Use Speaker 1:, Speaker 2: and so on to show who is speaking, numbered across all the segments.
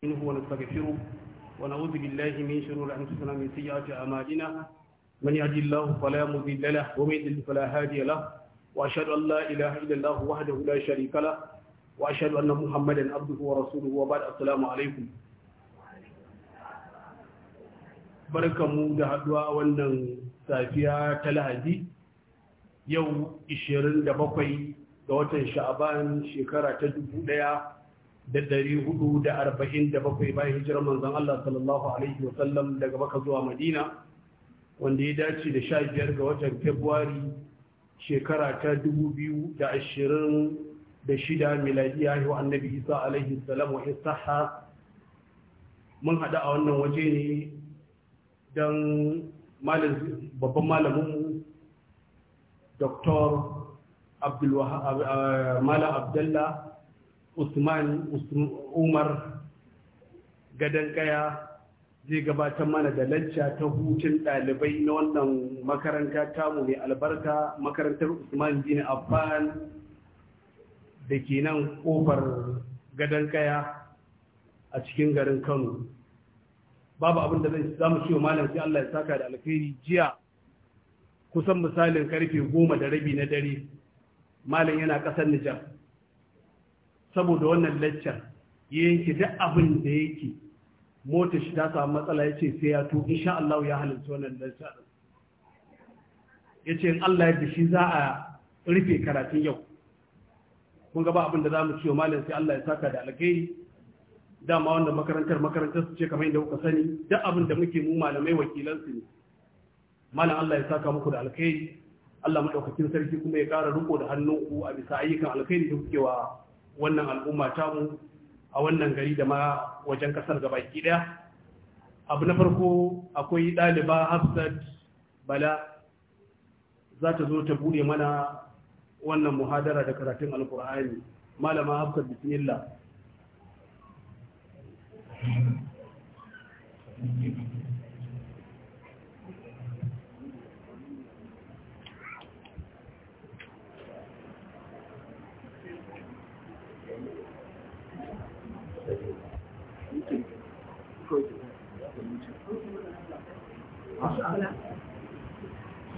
Speaker 1: منه ونستغفره ونعوذ بالله من شرور أنفسنا من سيئات أعمالنا من يهد الله فلا مضل له ومن يضلل فلا هادي له وأشهد أن لا إله إلا الله وحده لا شريك له وأشهد أن محمدا عبده ورسوله وبعد السلام عليكم barkanmu da haduwa a wannan safiya ta lahadi yau 27 ga watan sha'aban shekara ta 1400 da dari hudu da arba'in da bakwai bayan hijirar manzon Allah sallallahu alaihi wa sallam daga baka zuwa Madina wanda ya dace da sha biyar ga watan februari shekara ta dubu biyu da ashirin da shida miladiya wa annabi Isa alaihi salam wa isaha mun haɗu a wannan waje ne don babban malaminmu Dr. Abdullahi eh, Abdullahi. usman umar gadon kaya zai gabatar mana da lacca ta hutun ɗalibai na wannan makaranta mu mai albarka makarantar usman bin affan da ke nan ƙofar gadon kaya a cikin garin kano babu abin da zai za mu ciwo malam sai allah ya saka da alkhairi jiya kusan misalin karfe goma da rabi na dare malam yana ƙasar nijar saboda wannan laccar ya yanke duk abin da yake mota shi ta samu matsala ya ce sai ya to insha Allah ya halarci wannan lecture ya ce in Allah yadda shi za a rufe karatun yau mun gaba abin da za mu ciwo malam sai Allah ya saka da alkhairi dama wanda makarantar makarantar su ce kamar yadda kuka sani duk abin da muke mu malamai wakilansu ne malam Allah ya saka muku da alkhairi Allah madaukakin sarki kuma ya kara riko da ku a bisa ayyukan alkhairi da kuke wa wannan al'umma mu a wannan gari da ma wajen kasar gabaki daya abu na farko akwai ɗaliba hafsat bala za ta zo ta bude mana wannan muhadara da karatun alkur'ani malama hafsat bismillah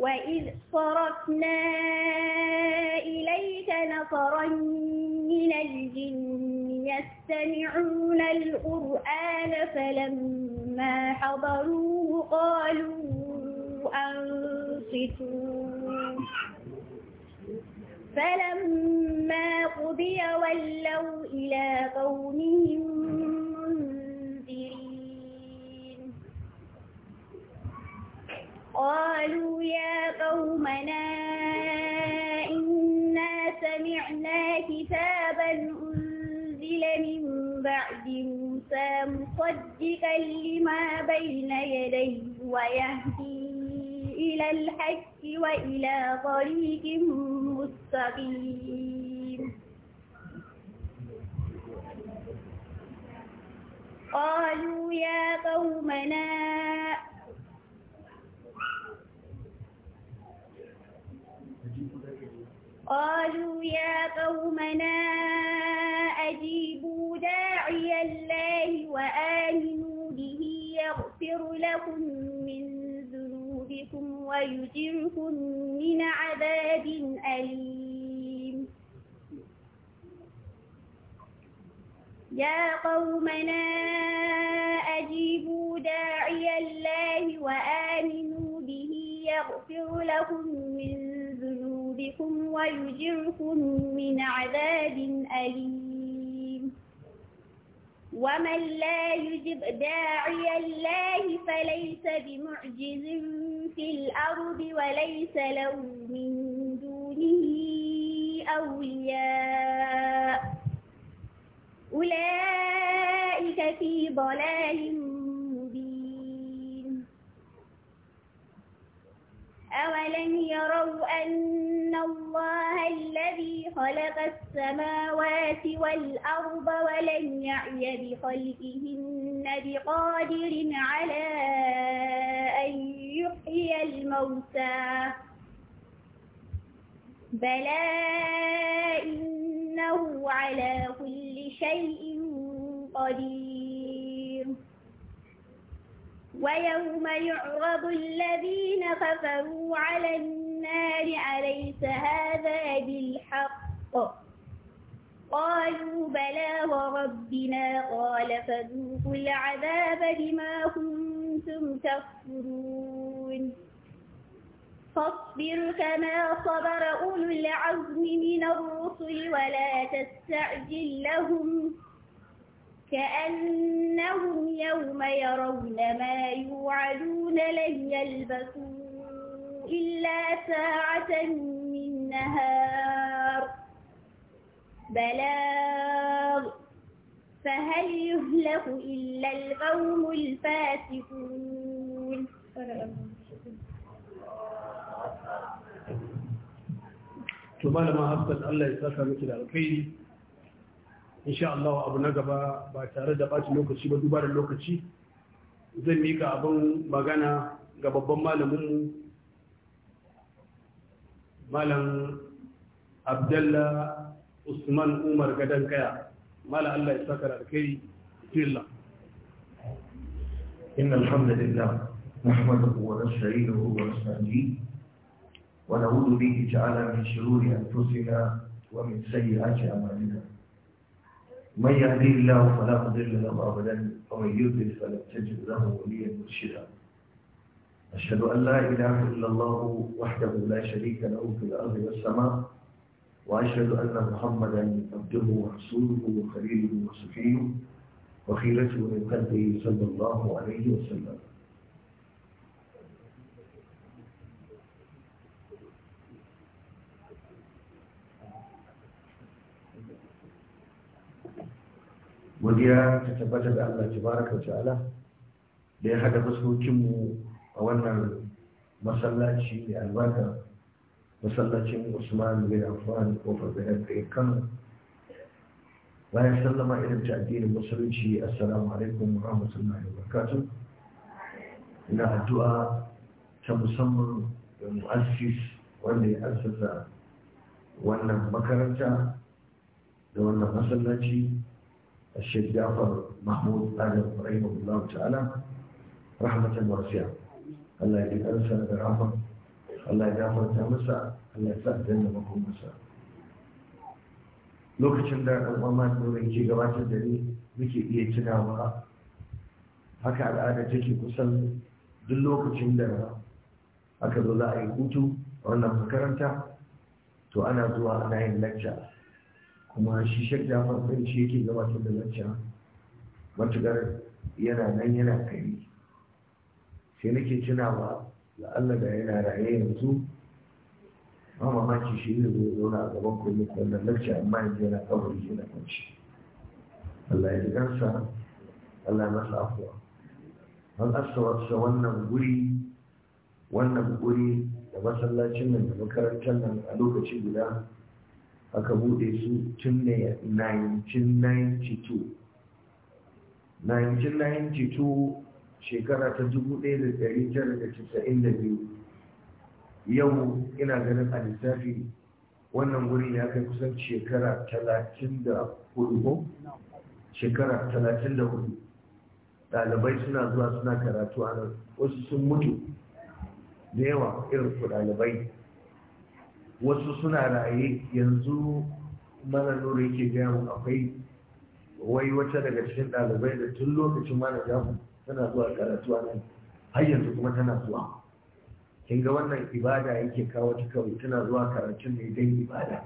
Speaker 2: وإذ صرفنا إليك نفرا من الجن يستمعون القرآن فلما حضروه قالوا أنصتوا فلما قضي ولوا إلى قومهم بين يديه ويهدي إلى الحج وإلى طريق مستقيم قالوا يا قومنا قالوا يا قومنا لكم من ذنوبكم ويجركم من عذاب أليم يا قومنا أجيبوا داعي الله وآمنوا به يغفر لكم من ذنوبكم ويجركم من عذاب أليم ومن لا يجب داعي الله فليس بمعجز في الأرض وليس له من دونه أولياء أولئك في ضلال أولم يروا أن الله الذي خلق السماوات والأرض ولم يعي بخلقهن بقادر على أن يحيي الموتى بلى إنه على كل شيء قدير ويوم يعرض الذين كفروا على النار أليس هذا بالحق قالوا بلى وربنا قال فذوقوا العذاب بما كنتم تكفرون فاصبر كما صبر أولو العزم من الرسل ولا تستعجل لهم كأنهم يوم يرون ما يوعدون لن يلبثوا إلا ساعة من نهار بلاغ فهل يهلك إلا القوم الفاسقون
Speaker 1: to malama أفضل الله ya مثل miki insha Allah abu na gaba ba tare da ɓaci lokaci ba duba da lokaci zai mika abin magana ga babban malaminmu malam abdalla usman umar gadon kaya malam Allah ya saka da alkhairi bismillah
Speaker 3: inna alhamdulillah nahmaduhu wa nasta'inuhu wa nasta'in wa na'udhu bihi ta'ala min shururi anfusina wa min sayyiati a'malina من يهدي الله فلا مضل له ابدا ومن يضلل فلن تجد له وليا مرشدا اشهد ان لا اله الا الله وحده لا شريك له في الارض والسماء واشهد ان محمدا عبده ورسوله وخليله وصفيه وخيرته من قلبه صلى الله عليه وسلم godiya ta tabbatar da Allah tabaraka wa ta'ala da ya hada mu a wannan masallaci mai albarka masallacin Usman bin Affan ko Fadlan kai Kano bayan sallama irin ta addinin musulunci assalamu alaikum wa rahmatullahi wa barakatuh ina addu'a ta musamman da mu'assis wanda ya assasa wannan makaranta da wannan masallaci الشيخ جعفر محمود آدم رحمه الله تعالى رحمة واسعة الله يجيب أنسى بالعفو الله يجعفر تامسا الله يفأد لنا مكون مسا lokacin da ɗan uwa mai ke gabatar da ni muke iya tunawa haka al'ada take kusan duk lokacin da aka zo za a yi hutu a wannan makaranta to ana zuwa ana yin lecture kuma shi shek jafar ɗin shi yake gabatar da lacca matuƙar yana nan yana kari sai nake ba da Allah da yana raye yanzu ba mamaki shi ne zai zauna a gaban kuma da lacca amma yanzu yana yake na kwanci Allah ya ji kansa Allah ya masa afuwa an asawarsa wannan guri wannan guri da masallacin nan da makarantar nan a lokaci guda aka bude su tun ne 1992 shekara ta 1992 yau ina ganin a lissafi wannan wurin ya kai kusan shekara 34 shekara 34 Dalibai suna zuwa suna karatu a nan wasu sun mutu da yawa irin ku dalibai? wasu suna raye yanzu mana nuri ke gaya mu akwai wai wata daga cikin ɗalibai da tun lokacin mana mu tana zuwa karatu nan har yanzu kuma tana zuwa kin ga wannan ibada yake kawo ta kawai tana zuwa karatun ne dan ibada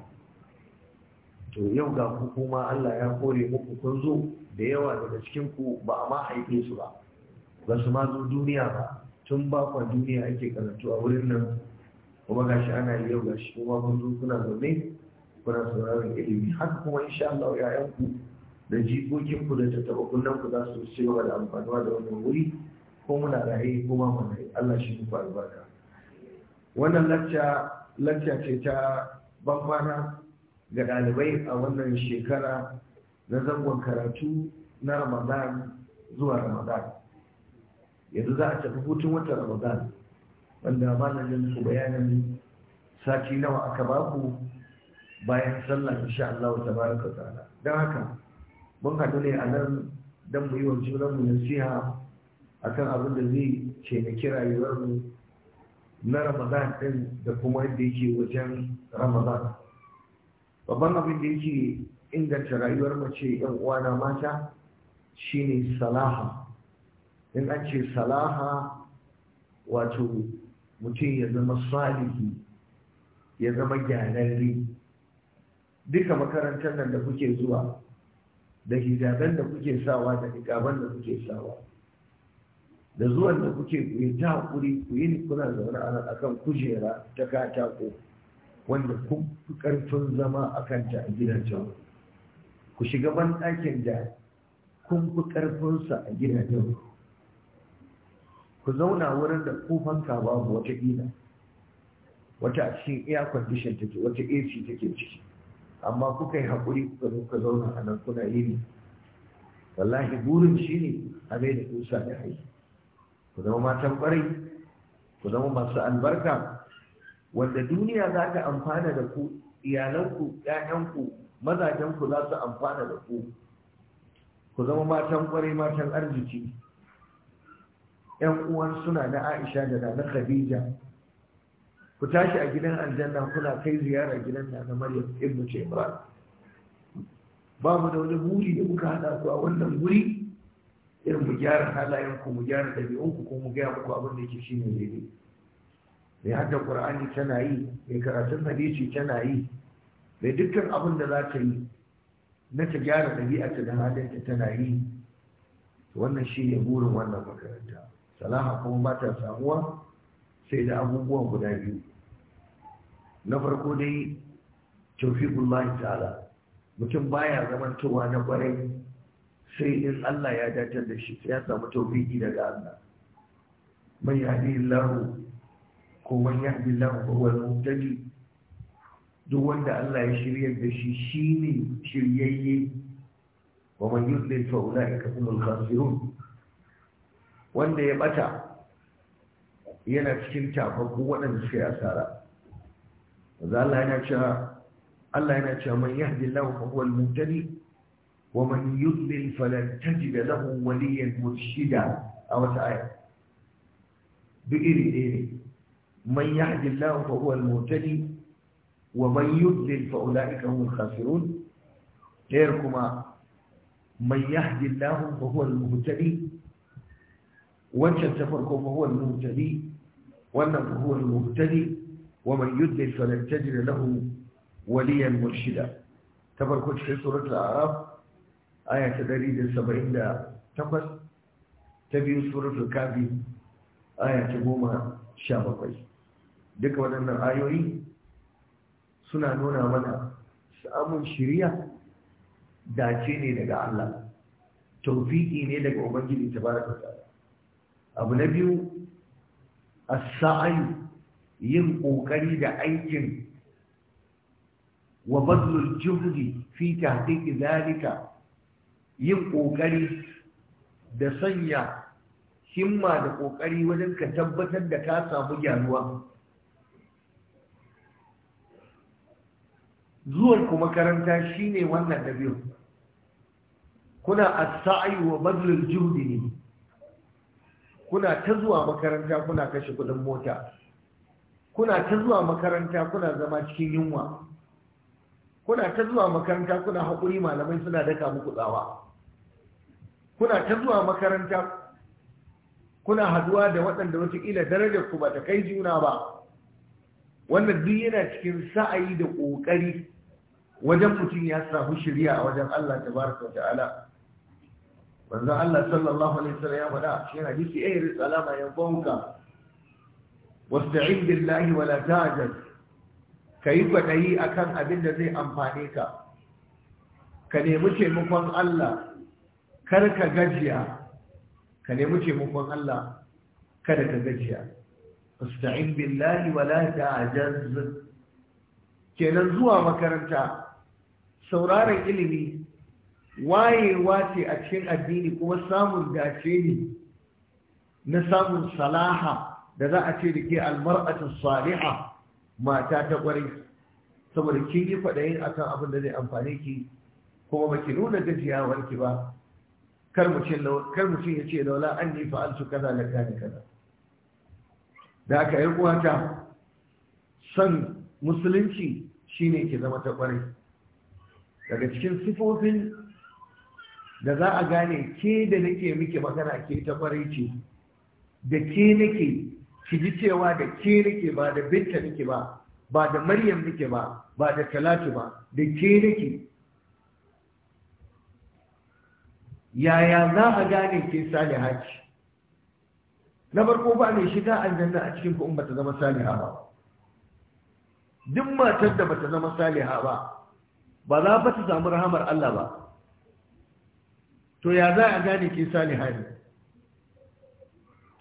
Speaker 3: to yau ga ku kuma Allah ya kore muku kun zo da yawa daga cikin ku ba a ma haife su ba ba su ma zo duniya ba tun bakon duniya ake karatu a wurin nan kuma gashi ana yi yau gashi kuma kun zo kuna zaune kuna sauraron ilimi haka kuma insha Allah da jikokin ku da tattaɓa kunnen ku za su ci gaba da amfanuwa da wannan wuri ko muna raye ko ma muna raye Allah shi ku albarka wannan lacca lacca ce ta bambana ga ɗalibai a wannan shekara na zangon karatu na Ramadan zuwa Ramadan yanzu za a tafi hutun watan Ramadan wanda malamin su bayanin sati nawa aka baku bayan sallah insha Allah tabaraka ta'ala dan haka mun haɗu ne a nan dan mu yi wa juna mu nasiha akan abin da zai ce na kirayewar mu na Ramadan din da kuma yadda yake wajen Ramadan babban abin da yake inganta rayuwar mace yan uwana mata shine salaha in an ce salaha wato mutum ya zama salihi ya zama gyararri duka makarantar nan da kuke zuwa da hijaben da kuke sawa da niƙaban da kuke sawa da zuwan da kuke kuyi yi ta hakuri ku yi kuna zaune a akan kujera ta katako wanda kun fi ƙarfin zama a kanta a gidajen ku shiga ban ɗakin da kun fi ƙarfinsa a gidajen ku zauna wurin da kufanka babu wata ina. wata a cikin air condition take wata AC take ciki amma kuka yi haƙuri kuka zo ka zauna a nan kuna yi ne wallahi burin shi ne a mai da kusa da hai ku zama matan ƙwarai ku zama masu albarka wanda duniya za ta amfana da ku iyalanku ƴaƴanku mazajenku za su amfana da ku ku zama matan ƙwarai matan arziki yan uwan suna na Aisha da na Khadija ku tashi a gidan aljanna kuna kai ziyara gidan na na Maryam ibn Imran ba mu da wani buri da muka hada ku a wannan guri irin mu gyara halayen ku mu gyara dabi'un ku ko mu gaya muku abin da yake shine daidai mai hadda Qur'ani tana yi mai karatun hadisi tana yi mai dukkan abin da za ta yi na ta gyara ta da ta tana yi wannan shi ne burin wannan makaranta salaha kuma ba ta samuwa sai da abubuwan guda biyu na farko dai tawfiqullahi ta'ala mutum baya zamantowa na kwarai sai in Allah ya datar da shi sai ya samu tawfiqi daga Allah man yahdihillahu ko man yahdihillahu huwa al-muhtadi duk wanda Allah ya shirya da shi shine shiryayye wa man yudlil fa ulaika humul khasirun wanda ya bata yana cikin tafafu waɗanda suka yi asara za Allah yana cewa Allah yana cewa man yahdillahu fa huwa al-muhtadi wa man yudlil falan tajid lahu waliyan murshida a wata aya duk iri ɗaya ne man yahdillahu fa huwa al-muhtadi wa man yudlil fa ulaika hum al-khasirun ɗayar kuma man yahdillahu fa huwa al-muhtadi wancan ta farko fa huwa al-muhtadi wannan fa huwa al-muhtadi wa man yudlil falan tajid lahu waliyan murshida ta farko cikin surat al-a'raf aya ta 178 ta biyu surat al-kafi aya ta 17 duka waɗannan ayoyi suna nuna mana samun shiriya dace ne daga Allah tawfiki ne daga ubangiji tabaraka ta'ala abu na biyu a sa'ayi yin ƙoƙari da aikin wa badlul juhdi fi tahqiqi zalika yin kokari da sanya himma da ƙoƙari wajen ka tabbatar da ka samu gyaruwa zuwan ku makaranta shine wannan na biyu kuna as-sa'yu wa badlul juhdi ne kuna ta zuwa makaranta kuna kashe kudin mota kuna ta zuwa makaranta kuna zama cikin yunwa kuna ta zuwa makaranta kuna haƙuri malamai suna daka muku tsawa kuna ta zuwa makaranta kuna haduwa da waɗanda watakila darajar ku ba ta kai juna ba wannan duk yana cikin sa'ayi da ƙoƙari wajen mutum ya samu shirya a wajen Allah tabaraka ta'ala manzo Allah sallallahu alaihi wasallam ya faɗa shi hadisi ayri eh, salama yanfauka wasta'in billahi wala ta'jaz kai kwadayi akan abin da zai amfane ka ka nemi taimakon Allah kar ka gajiya ka nemi taimakon Allah kada ka gajiya wasta'in billahi wala ta'jaz kenan zuwa makaranta sauraron ilimi wayewa ce a cikin addini kuma samun dace ne na samun salaha da za a ce da ke almar'atun saliha mata ta ƙwarai saboda kin yi kwaɗayin kan abin da zai amfani ki kuma ba ki nuna gajiyawar ki ba kar mutum ya ce laula an fa'al su kaza na kani kaza da aka yi uwata son musulunci shine ki zama ta ƙwarai daga cikin sifofin da za a gane ke da nake miki magana ke ta kwarai ce da ke nake ki ji cewa da ke nake ba da binta nake ba ba da maryam nake ba ba da talatu ba da ke nake yaya za a gane ke saliha ce na farko ba mai shiga aljanna a cikin kuɗin in bata zama saliha ba duk matar da bata zama saliha ba ba za ba ta samu rahamar Allah ba to ya za a gane ke saliha ne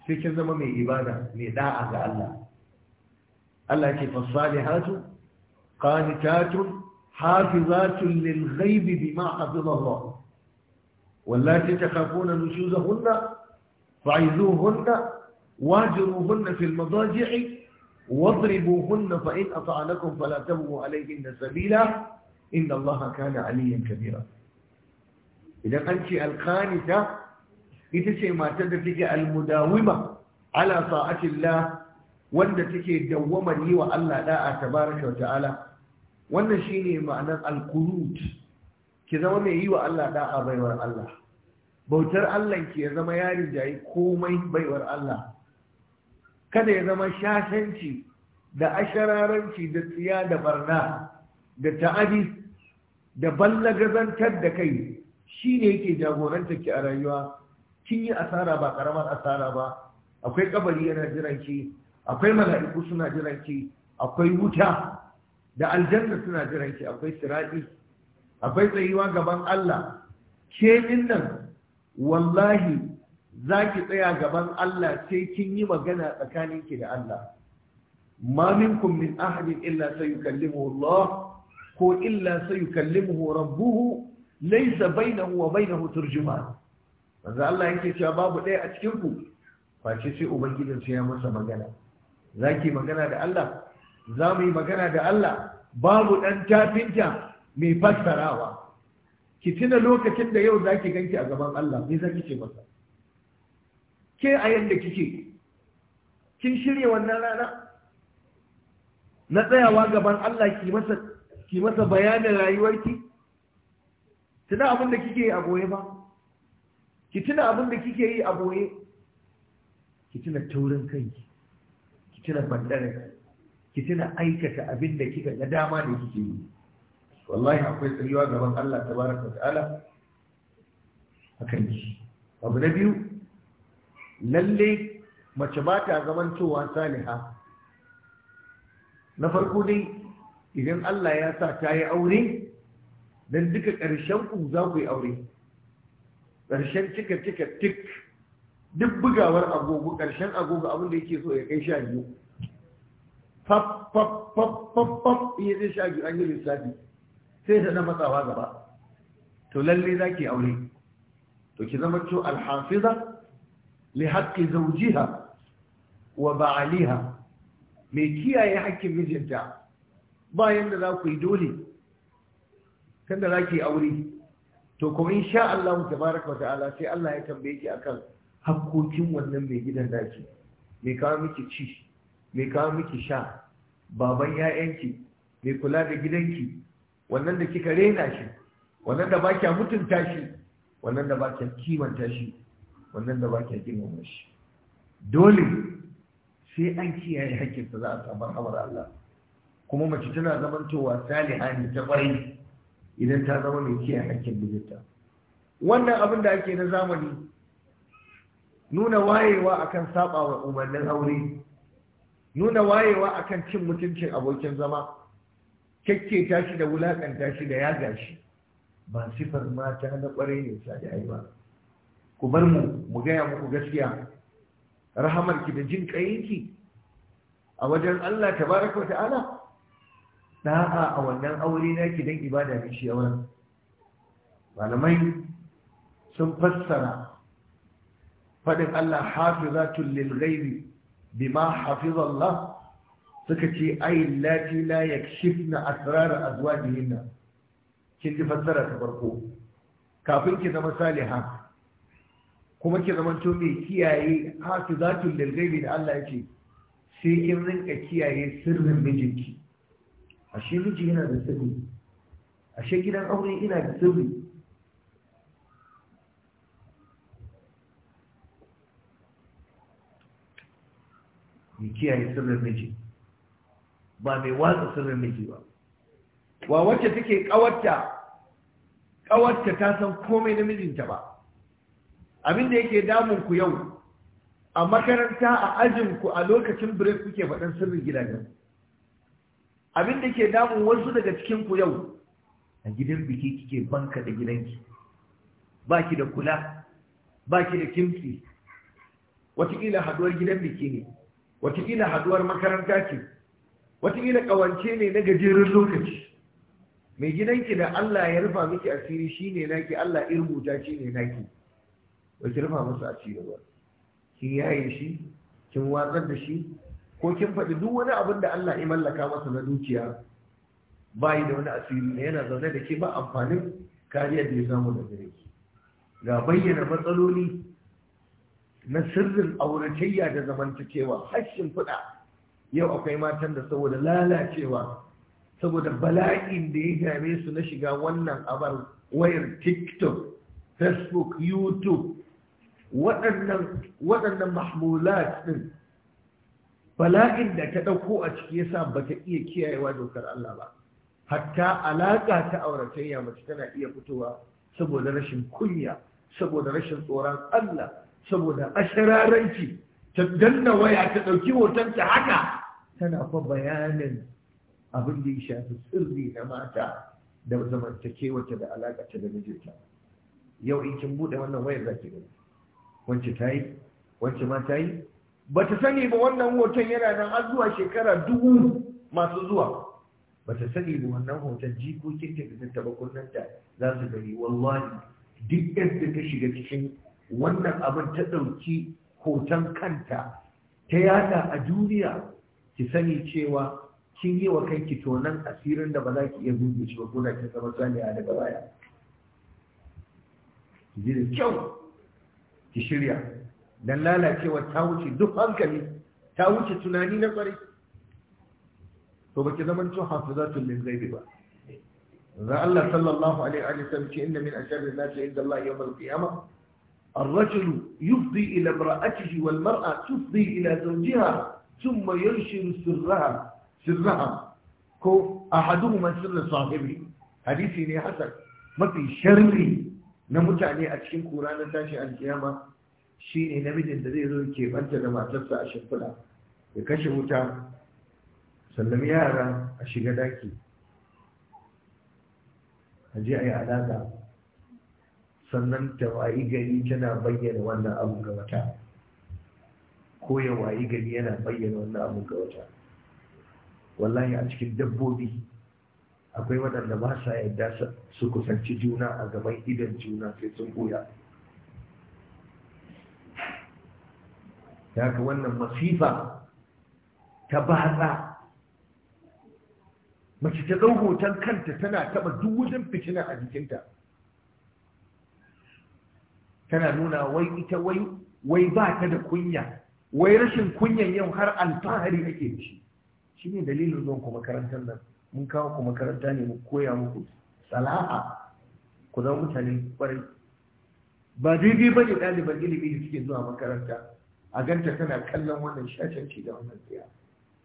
Speaker 3: sai kin zama mai ibada mai da'a ga Allah Allah ke fasalihatu qanitatun hafizatun lil ghaib bima hafiz Allah wallati takhafuna nushuzahunna fa'izuhunna واجروهن في المضاجع واضربوهن فإن أطعنكم فلا تبغوا عليهن سبيلا إن الله كان عليا كبيرا idan an ce alkanita ita ce matar da take almudawima ala sa'atillah wanda take dawwamar yi wa Allah da'a tabaraka wa ta'ala wannan shine ma'anar alqunut ki zama mai yi wa Allah da'a baiwar Allah bautar Allah ki ya zama yarin jayi komai baiwar Allah kada ya zama shashanci da ashararanci da tsiya da barna da ta'adi da ballagazantar da kai shi ne yake jagorantar ki a rayuwa kin yi asara ba karamar asara ba akwai kabari yana jiran akwai mala'iku suna jiran akwai wuta da aljanna suna jiran akwai sirati akwai tsayuwa gaban Allah ke nan wallahi za ki tsaya gaban Allah sai kin yi magana tsakanin ki da Allah ma minkum min ahadin illa sayukallimuhu Allah ko illa sayukallimuhu rabbuhu laisa bainahu wa bainahu turjuman manzo Allah yake cewa babu ɗaya a cikin ku face sai ubangijin sai ya masa magana zaki magana da Allah za mu yi magana da Allah babu ɗan tafinta mai fassarawa ki tuna lokacin da yau zaki ganki a gaban Allah me zaki ce masa ke a yanda kike kin shirya wannan rana na tsayawa gaban Allah ki masa ki masa bayanin rayuwarki tuna abin da kike yi a goye ba ki tuna abin da kike yi a goye ki tuna taurin kanki ki tuna bandare ki tuna aikata abin da kika ga dama da kike yi wallahi akwai tsayuwa gaban Allah tabaraka ta'ala akan ki abu na biyu lalle mace ba ta zaman cewa saliha na farko dai idan Allah ya sa ta yi aure don duka ƙarshen ku za ku yi aure ƙarshen cika cika tik duk bugawar agogo ƙarshen agogo abin da yake so ya kai sha biyu Pap-pap-pap, iya zai sha biyu an yi lissafi sai da na matsawa gaba to lalle za ki aure to ki zama to alhafiza li haqqi zawjiha wa ba'aliha mai kiyaye haƙƙin mijinta bayan da za ku yi dole sanda za ki aure to kuma insha Allah tabaraka wa ta'ala sai Allah ya tambaye ki akan hakkokin wannan mai gidan daki mai kawo miki ci mai kawo miki sha baban 'ya'yanki, mai kula da gidanki wannan da kika rena shi wannan da ba kya mutunta shi wannan da ba kya kimanta shi wannan da ba kya girmama shi dole sai an kiyaye sa za a samu Allah kuma mace tana zamantowa saliha ne ta ƙwarai idan ta zama mai kiyaye hakkin mijinta wannan abin da ake na zamani nuna wayewa akan saba umarnin aure nuna wayewa akan cin mutuncin abokin zama kekke tashi da wulakanta shi da yaga shi ba sifar mata na kwarai ne sa da ba ku bar mu mu gaya muku gaskiya Rahamar ki da jin kayinki a wajen Allah tabaraka wa ta'ala da'a a wannan aure na ki dan ibada ne shi yawan. malamai sun fassara faɗin Allah hafizatul lil ghaibi bima hafiz Allah suka ce ai lati la yakshifna asrar azwajihinna kin ji fassara ta farko kafin ki zama saliha kuma ki zama to mai kiyaye hafizatul lil ghaibi da Allah yake sai kin rinka kiyaye sirrin mijinki ashe miji yana da sirri ashe gidan aure ina da sirri mai kiyaye sirrin miji ba mai watsa sirrin miji ba wa wacce take kawarta kawarta ta san komai na mijinta ba abin da yake damun ku yau a makaranta a ajinku a lokacin break kuke faɗin sirrin gidajen abin da ke damun wasu daga cikin ku yau a gidan biki kike banka da gidanki baki da kula baki da kimtsi watakila haduwar gidan biki ne watakila haduwar makaranta ce watakila kawance ne na gajeren lokaci mai gidanki da Allah ya rufa miki asiri shine naki Allah ya rubuta shine naki ba ki rufa masa asiri ba kin yaye shi kin watsar da shi ko kin faɗi duk wani abin da Allah ya mallaka masa na dukiya bayi da wani asiri yana zaune da ke ba amfanin kariyar da ya samu da gare ki ga bayyana matsaloli na sirrin auratayya da zamantakewa hashin kuɗa, yau akwai matan da saboda lalacewa saboda bala'in da ya dame su na shiga wannan abar wayar tiktok facebook youtube waɗannan mahmulat ɗin bala'in da ta ɗauko a ciki yasa ba ta iya kiyayewa dokar Allah ba hatta alaƙa ta auratayya mace tana iya fitowa saboda rashin kunya saboda rashin tsoron Allah saboda ashararanci ta danna waya ta ɗauki hotonta haka tana fa bayanin abin da ya shafi sirri na mata da zamantakewata da alaƙa ta da mijinta yau in kin buɗe wannan wayar za ki gani wacce ta yi wacce ma ta yi ba ta sani ba wannan hoton yana nan har zuwa shekara dubu masu zuwa ba ta sani ba wannan hoton jikokin ta da taba da za su gari wallahi duk yadda ta shiga cikin wannan abin ta ɗauki hoton kanta ta yada a duniya ki sani cewa kin yi wa kanki tonan asirin da ba za ki iya buɗe shi ba ko da kin zama saniya daga baya ki da kyau ki shirya dan lalacewa ta wuce duk hankali ta wuce tunani na kwarai to baki zaman cin hafizatul min ghaibi ba za Allah sallallahu alaihi wa sallam ce inna min asharri nasi inda Allah yawm al-qiyamah الرجل يفضي إلى امرأته والمرأة تفضي إلى زوجها ثم ينشر سرها سرها كو أحدهما سر صاحبه حديثي حسن ما في شر نموت عليه أتشين قرآن تاشي القيامة shi ne namijin da zai zo ke banta da matarsa a shimfiɗa ya kashe wuta sannan yara a shiga daki a ji a yi alaƙa sannan ta wayi gari tana bayyana wannan abu ga wata ko ya wayi gari yana bayyana wannan abu ga wata wallahi a cikin dabbobi akwai waɗanda ba sa yadda su kusanci juna a gaban idan juna sai sun ɓuya. da wannan masifa ta batsa mace ta ɗau kanta tana taɓa duk wajen fitina a jikinta tana nuna wai ita wai wai ba ta da kunya wai rashin kunyan yau har alfahari ake da shi ne dalilin zuwan ku makarantar nan mun kawo ku makaranta ne mu koya muku sala'a ku zama mutane kwarai ba daidai ba ne ɗaliban ilimi da suke zuwa makaranta a ganta tana kallon wannan ke da wannan tsaya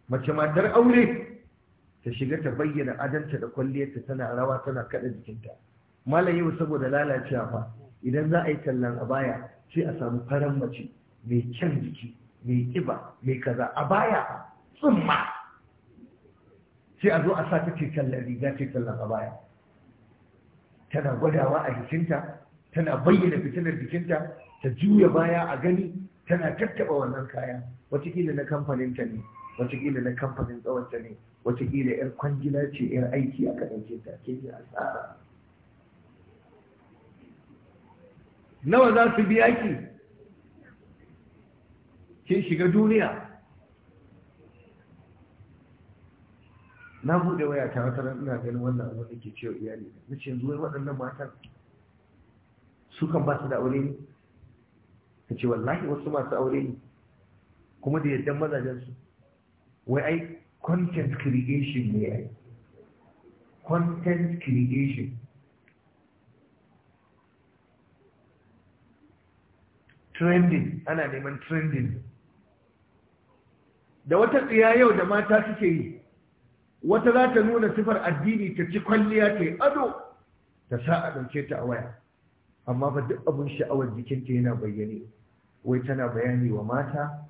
Speaker 3: mace matar aure ta shiga ta bayyana adanta da kwalliyarta tana rawa tana kada jikinta malam yau saboda lalacewa fa idan za a yi tallan a baya sai a samu faran mace mai kyan jiki mai kiba mai kaza a baya tsumma sai a zo a sa ta ce tallan riga ce tallan a baya tana gwadawa a jikinta tana bayyana fitilar jikinta ta juya baya a gani tana tattaba wannan kaya watakila na kamfanin ta ne watakila na kamfanin tsawon ta ne watakila yar kwangila ce yar aiki a ɗauke ta ke ji tsara?
Speaker 1: nawa za su biya ki
Speaker 3: kin shiga duniya na bude waya ta wata ina ganin wannan abin da ke cewa iyali na ce zuwa waɗannan matan su kan ba su da aure ne ta ce wallahi wasu masu aure ne kuma da yadda mazajensu wai ai content creation ne ai content creation trending ana neman trending da wata tsiya yau da mata suke yi wata za ta nuna sifar addini ta ci kwalliya ta yi ado ta sa a ɗauke ta a waya amma ba duk abin sha'awar jikinta yana bayyane wai tana bayani wa mata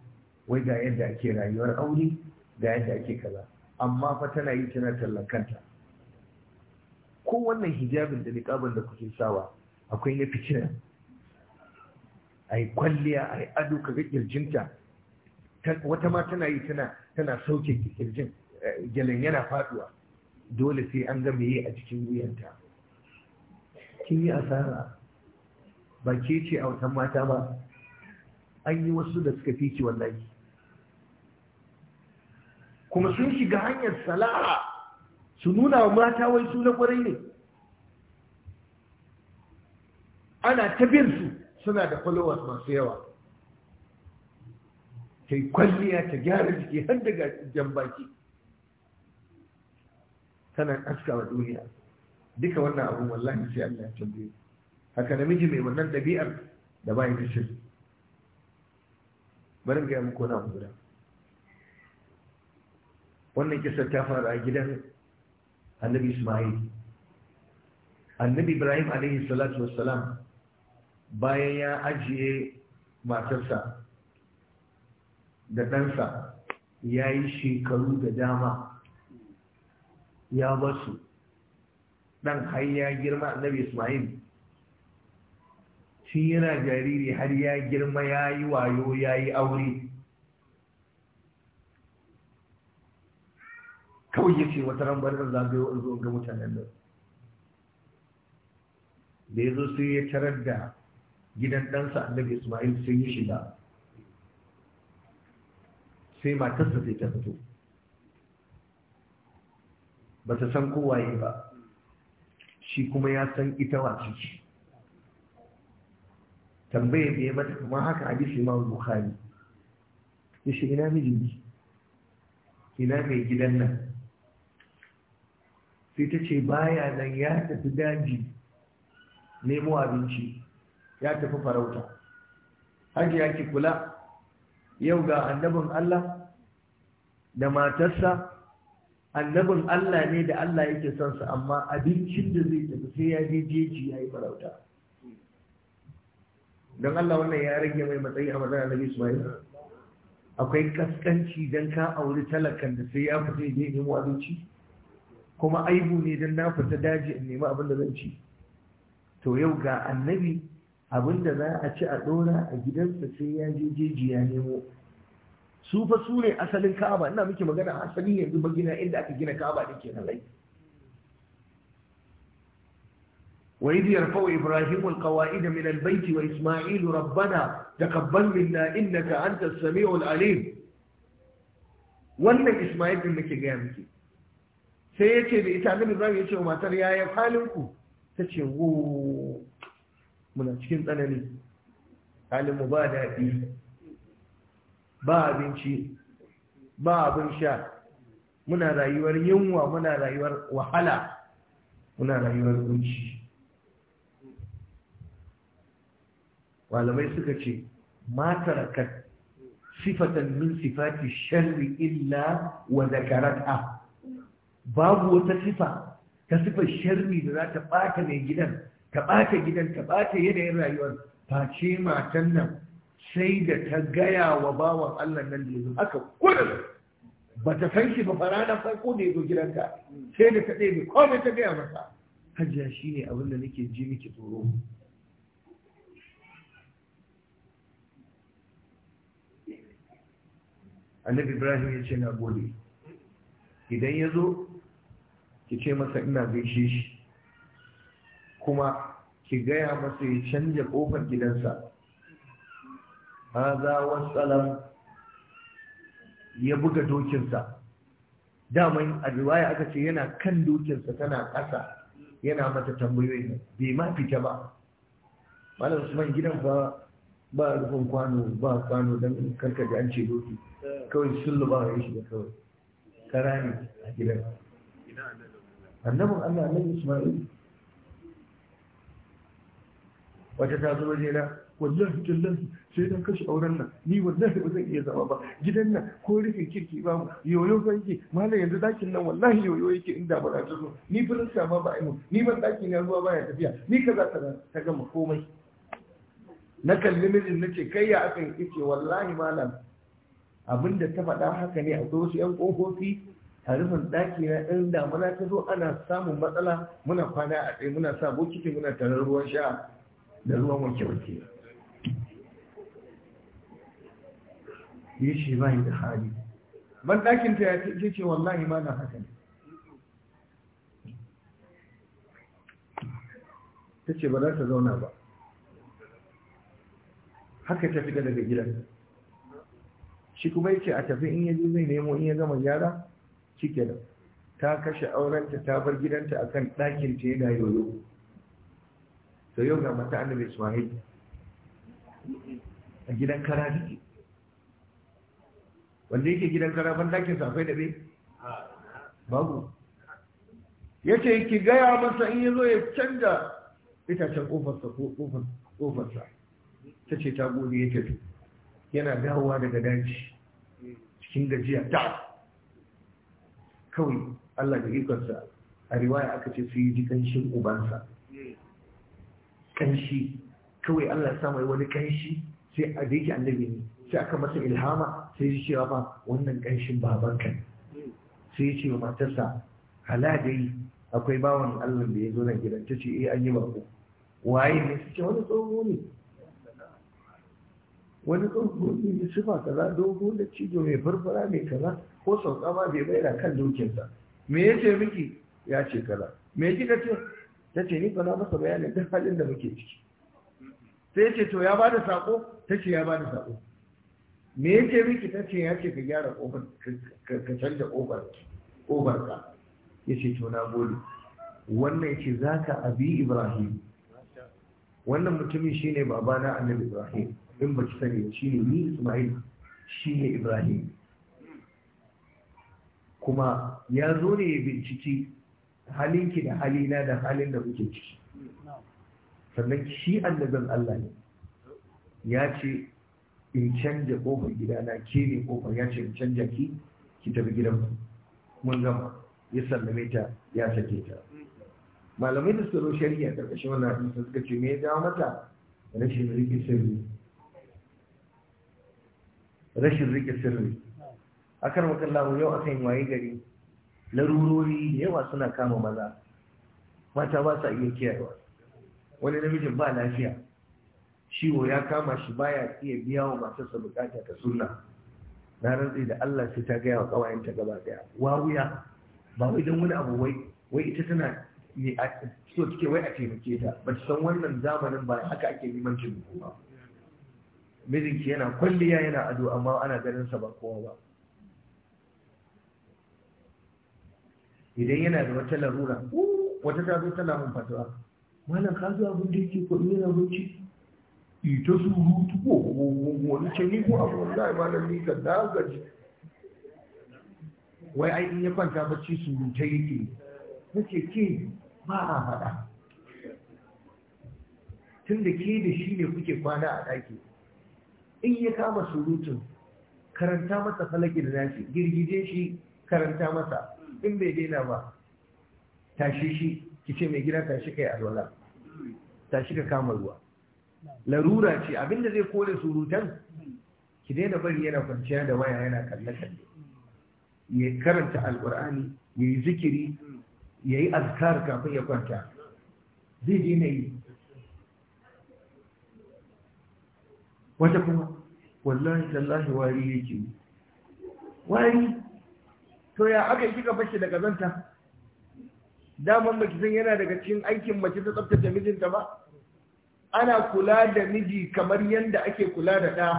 Speaker 3: wai ga yadda ake rayuwar aure ga yadda ake kaza amma fa tana yi tana tallan ko wannan hijabin da niqabin da kuke sawa akwai na fitina ai kwalliya ai ado kaga kirjinta wata ma tana yi tana tana sauke kirjin eh, gyalen yana faɗuwa. dole sai an ga meye a cikin wuyanta kin yi asara ba ke ce a wata mata ba an yi wasu da suka fi wallahi kuma sun shiga hanyar sala'a su nuna wa mata wai su na kwarai ne ana ta su suna da followers masu yawa ta yi kwalliya ta gyara jiki har daga jambaki tana aska duniya duka wannan abin wallahi sai Allah ya tambaye haka namiji mai wannan dabi'ar da bayan da bari ga muku na guda wannan kisar ta faru a gidan annabi Ismail annabi Ibrahim alaihi salatu wassalam bayan ya ajiye matarsa da ɗansa ya yi shekaru da dama ya basu ɗan har ya girma annabi Ismail tun yana jariri har ya girma ya yi wayo ya yi aure kawai ya ce wata rambar da zagayo in ga mutanen nan da ya zo sai ya tarar da gidan ɗansa annabi ismail sun yi shiga sai matarsa sai ta fito ba ta san kowaye ba shi kuma ya san ita wace ciki tambayar da mata kuma haka hadisi imam bukhari yace ina mijinki ina mai gidan nan sai ta ce baya nan ya tafi daji nemo abinci ya tafi farauta haji ya ki kula yau ga annabin Allah da matarsa annabin Allah ne da Allah yake son sa amma abincin da zai tafi sai ya je jeji ya yi farauta don Allah wannan ya rage mai matsayi a matsayin annabi Ismail akwai kaskanci don ka auri talakan da sai ya fita ne nemo abinci kuma aibu ne don na fita daji in nemi abin da zan ci to yau ga annabi abin da za a ci a ɗora a gidansa sai ya je jeji ya nemo su fa su ne asalin kaba ina muke magana asali yanzu ba gina inda aka gina kaba dake ke nan وإذ يرفع إبراهيم القوائد من البيت وإسماعيل ربنا تقبل منا إنك أنت السميع العليم wannan Ismail din nake gaya miki sai yace da ita Annabi Ibrahim yace wa matar yaya halin ku tace wo muna cikin tsanani halin mu ba daɗi ba abinci ba abin sha muna rayuwar yunwa muna rayuwar wahala muna rayuwar kunci malamai suka ce matar ka sifatan min sifati sharri illa wa zakarata babu wata sifa ta sifa sharri da za ta bata mai gidan ta bata gidan ta bata yanayin rayuwar face matan nan sai da ta gaya wa bawan Allah nan da yanzu haka kudin ba ta san shi ba fara na farko da ya zo gidanka sai da ta ɗaya komai ta gaya masa hajiya shine abin da nake ji miki tsoro annabi ibrahim ya ce na gode idan ya zo ki ce masa ina gaishe shi kuma ki gaya masa ya canja kofar gidansa haza wasalam ya buga dokinsa daman a riwaya aka ce yana kan dokinsa tana ƙasa yana mata tambayoyi bai ma fita ba su man gidan ba ba rufin kwano ba kwano don karkaji an ce doki kawai wa shi shiga kawai karani a gidan annabin Allah annabi Isma'il wata ta zo jera wallahi tallahi sai dan kashe auren nan ni wallahi ba zan iya zama ba gidan nan ko rufin kirki ba mu yoyo banki malam yanzu dakin nan wallahi yoyo yake inda ba za ta zo ni firinsa ma ba mu ni ban dakin na zuwa baya tafiya ni ka za ta gama komai na kalli mijin na ce kai ya akan ice wallahi malam abinda ta faɗa haka ne akwai wasu 'yan ƙofofi a rufin ɗaki na ɗan damuna ta zo ana samun matsala muna kwana a tsaye muna sa bokiti muna tarar ruwan sha da ruwan wanke-wanke ya ba ba da hali ban ɗakin ta ya ce wallahi ma na haka ne ta ce ba za ta zauna ba haka ta fita daga gidan shi kuma yake a tafi in yaje zai nemo in ya gama gyara da ta kashe aurenta ta bar gidanta akan ɗakin ta yana yoyo to yau ga mata annabi Ismail a gidan kara take wanda yake gidan kara ban ɗakin sa akwai da bai babu yace ki gaya masa in yazo ya canja itacen kofarsa ko kofarsa ta ce ta gode ya tafi yana dawowa daga daji cikin gajiya ta kawai Allah da ikonsa a riwaya aka ce su yi ji kanshin ubansa kanshi kawai Allah ya samu wani kanshi sai a da annabi ne sai aka masa ilhama sai ya cewa ba wannan kanshin babanka sai ya ce matarsa hala dai akwai bawan Allah da ya zo nan gidan ta ce eh an yi bako waye ne su ce wani tsoho ne wani dogo ne da sifa kaza dogo da cijo mai farfara mai kaza ko sauka ma bai bayyana kan dokinsa me ya ce miki ya ce kaza me kika ce ta ce ni kaza masa bayani duk halin da muke ciki sai ya ce to ya bada sako ta ce ya bada sako me ya ce miki ta ce ya ce ka gyara kofar ka canza kofar ka ya ce to na gode wannan ce za ka abi ibrahim wannan mutumin shine babana annabi ibrahim in ba ki sani shi ne ni Ismail shi ne Ibrahim kuma ya zo ne ya binciki halinki da halina da halin da muke ciki sannan shi annabin Allah ne ya ce in canja kofar gidana ke ne kofar ya ce in canja ki ki tafi mu mun gama ya sallame ta ya sake ta malamai da tsaro shari'a karkashin wannan hadisi suka ce me ya dawo mata rashin rikin sirri rashin rike sirri A wakil lamu yau aka yi waye gari larurori da yawa suna kama maza mata ba sa iya kiyarwa wani namijin ba lafiya Shiwo ya kama shi baya iya biya wa masu bukata ta sunna na rantsi da Allah sai ta gaya wa kawayenta gaba daya wawuya ba wai don wani abu wai wai ita tana so cike wai a taimake ta ba san wannan zamanin ba haka ake neman taimako ba mijinki yana kwalliya yana ado amma ana ganin sa ba kowa ba idan yana da wata larura wata ta zo tana mun fatawa malam ka zo abin da yake kuɗi yana zuci ita surutu ko wani ce ni ko abu wallahi malam ni ka da wai ai in ya kwanta bacci surutai yake nake ke ba a faɗa tun da ke da shi ne kuke kwana a ɗaki in ya kama surutun karanta masa falaki da girgije shi karanta masa in bai daina ba tashi shi ki ce mai gida tashi kai alwala tashi ka kama ruwa larura ce abinda zai kore surutan ki daina bari yana kwanciya da waya yana kalle kalle ya karanta alkur'ani ya yi zikiri ya yi azkar kafin ya kwanta zai daina yi wata kuma wallahi tallahi wari yake wari to ya aka yi kika fashe daga zanta daman baki san yana daga cikin aikin mace ta tsaftace mijinta ba ana kula da miji kamar yadda ake kula da ɗa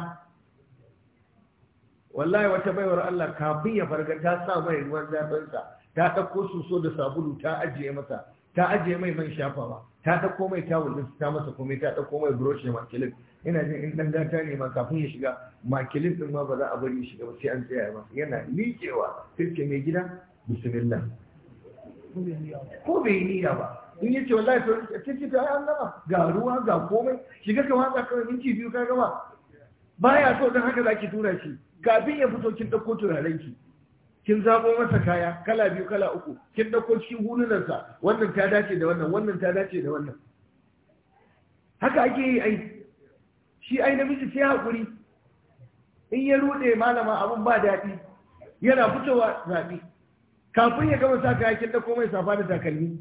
Speaker 3: wallahi wata baiwar Allah kafin ya farga ta sa mai ruwan zafinsa ta ɗauko soso da sabulu ta ajiye masa ta ajiye mai man shafawa ta ta komai tawul din ta masa komai ta ta komai brush da makilin ina jin in dan gata ne ma kafin ya shiga makilin din ma ba za a bari ya shiga ba sai an tsaya masa yana likewa sai mai gida bismillah ko bai niyya ba in yace wallahi to sai ta an gama ga ruwa ga komai shiga ka watsa kawai minti biyu ka gama baya so dan haka zaki tura shi kafin ya fito kin dauko turaren ki kin zabo masa kaya kala biyu kala uku kin dauko shi hununansa wannan ta dace da wannan wannan ta dace da wannan haka ake yi ai shi ai namiji sai hakuri in ya rude malama abun ba daɗi yana fitowa zaɓi kafin ya gama sa kaya kin dauko mai safa da takalmi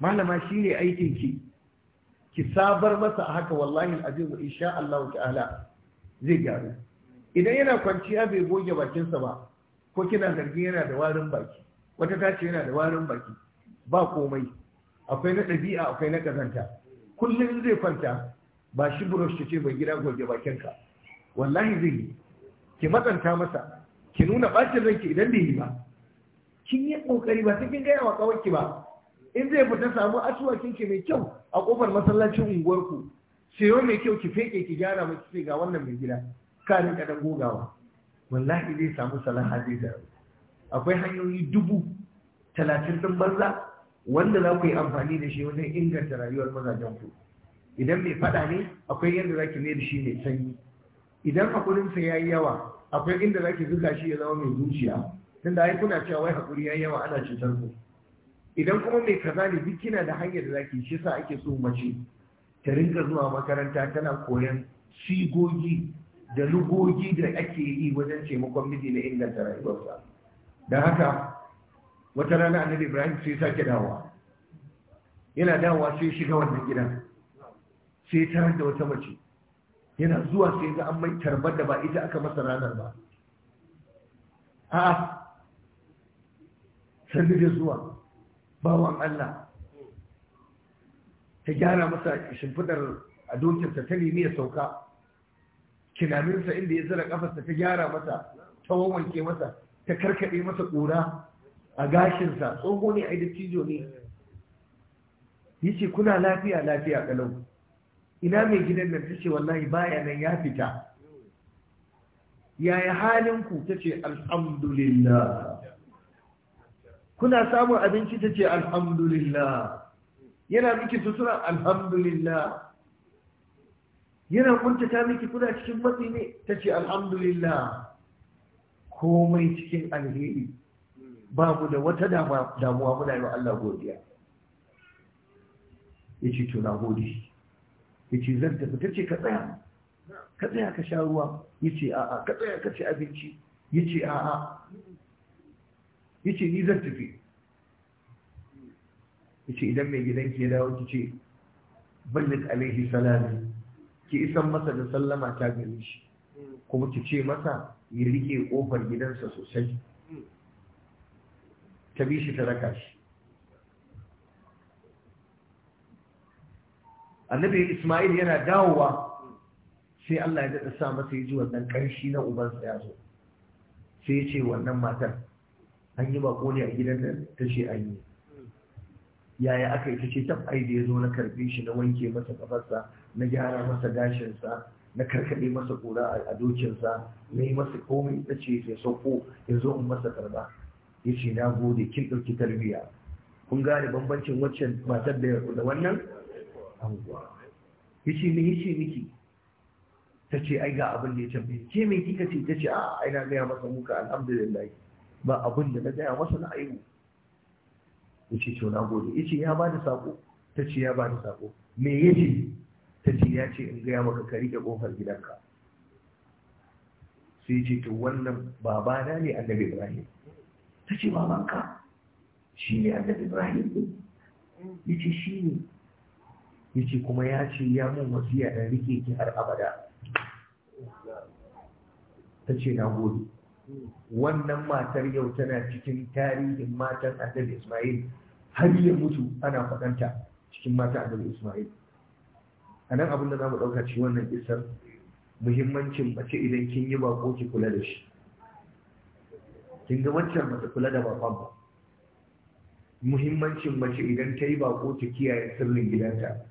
Speaker 3: malama shi ne aikin ki ki sabar masa a haka wallahi azim insha Allah ta'ala zai gyaru idan yana kwanciya bai goge bakinsa ba ko kina zargin yana da warin baki wata ta ce yana da warin baki ba komai akwai na ɗabi'a akwai na ƙazanta kullum zai kwanta ba shi burush ta ce bai gida goge bakinka wallahi zai yi ki matsanta masa ki nuna ɓacin ranki idan bai yi ba kin yi ƙoƙari ba sai kin gaya wa ƙawarki ba in zai fita samu asuwakin ki mai kyau a ƙofar masallacin unguwarku siyo mai kyau ki feke ki gyara mai ga wannan mai gida ka kadan gogawa wallahi zai samu salaha zai da akwai hanyoyi dubu talatin ɗin banza wanda za ku yi amfani da shi wajen inganta rayuwar mazajen ku idan mai faɗa ne akwai yadda za ki mai da shi mai sanyi idan haƙurinsa ya yi yawa akwai inda za ki zuga shi ya zama mai zuciya tunda ai kuna cewa wai haƙuri ya yi yawa ana cutar ku idan kuma mai kaza ne duk kina da hanyar da za ki shi sa ake so mace ta rinka zuwa makaranta tana koyan sigogi da lugogi da ake yi wajen taimakon miji na inganta rayuwarsa da haka wata rana annabi ibrahim sai sake dawa. yana dawa sai shiga wannan gidan sai tarar da wata mace yana zuwa sai ga an mai tarbar da ba ita aka masa ranar ba a'a sannu da zuwa bawan Allah ta gyara masa shimfidar a dokinsa ta nemi ya sauka tunaninsa inda ya zira kafarsa ta gyara masa ta wawanke masa ta karkaɗe masa ƙura a gashinsa tsoho ne a dattijo ne ya ce kuna lafiya lafiya kalau ina mai gidan nan ta ce wallahi baya nan ya fita yaya halinku ta ce alhamdulillah kuna samun abinci ta ce alhamdulillah yana miki sutura alhamdulillah yana kuntata miki kuna cikin matsi ne ta ce alhamdulillah komai cikin alheri babu da wata damuwa muna yi wa Allah godiya ya ce to na gode ya ce zan tafi ta ce ka tsaya ka tsaya ka sha ruwa ya ce a'a ka tsaya ka ci abinci ya ce a'a ya ce ni zan tafi ya ce idan mai gidanki ya dawo ki ce ballit alaihi salami ki isan masa da sallama ta gare shi kuma ki ce masa ya rike kofar gidansa sosai ta bi shi ta raka shi annabi isma'il yana dawowa sai Allah ya daɗa sa masa ya ji wannan ƙarshi na ubansa ya zo sai ya ce wannan matar an yi bako ne a gidan da ta ce an yi yaya aka yi ta ce tab ai da ya zo na karbe shi na wanke masa kafarsa na gyara masa gashinsa na karkaɗe masa ƙura a dokinsa na yi masa komai na ce ya sauko ya zo in masa karba ya ce na gode kin ɗauki tarbiyya kun gane bambancin waccan matar da wannan anguwa ya ce me yake miki ta ce ai ga abin da ya tambaye ke mai kika ce ta ce a aina gaya masa muka alhamdulillah ba abin da na gaya masa na aibu ya ce to na gode ya ce ya ba da sako ta ce ya ba da sako me ya ce ta ce ya ce in gaya maka ka riƙe ƙofar gidanka sai ce to wannan babana ne annabi ibrahim ta ce babanka shi ne annabi ibrahim ya ce shi ne ya ce kuma ya ce ya mun wasiya in riƙe ki har abada ta ce na gode wannan matar yau tana cikin tarihin matan annabi ismail har yi mutu ana faɗanta cikin matan annabi ismail a nan abin da za mu ɗauka ci wannan isar muhimmancin mace idan kin yi bako ki kula da shi kin ga wancan mace kula da bakon ba muhimmancin mace idan ta yi bako ta kiyaye sirrin gidanta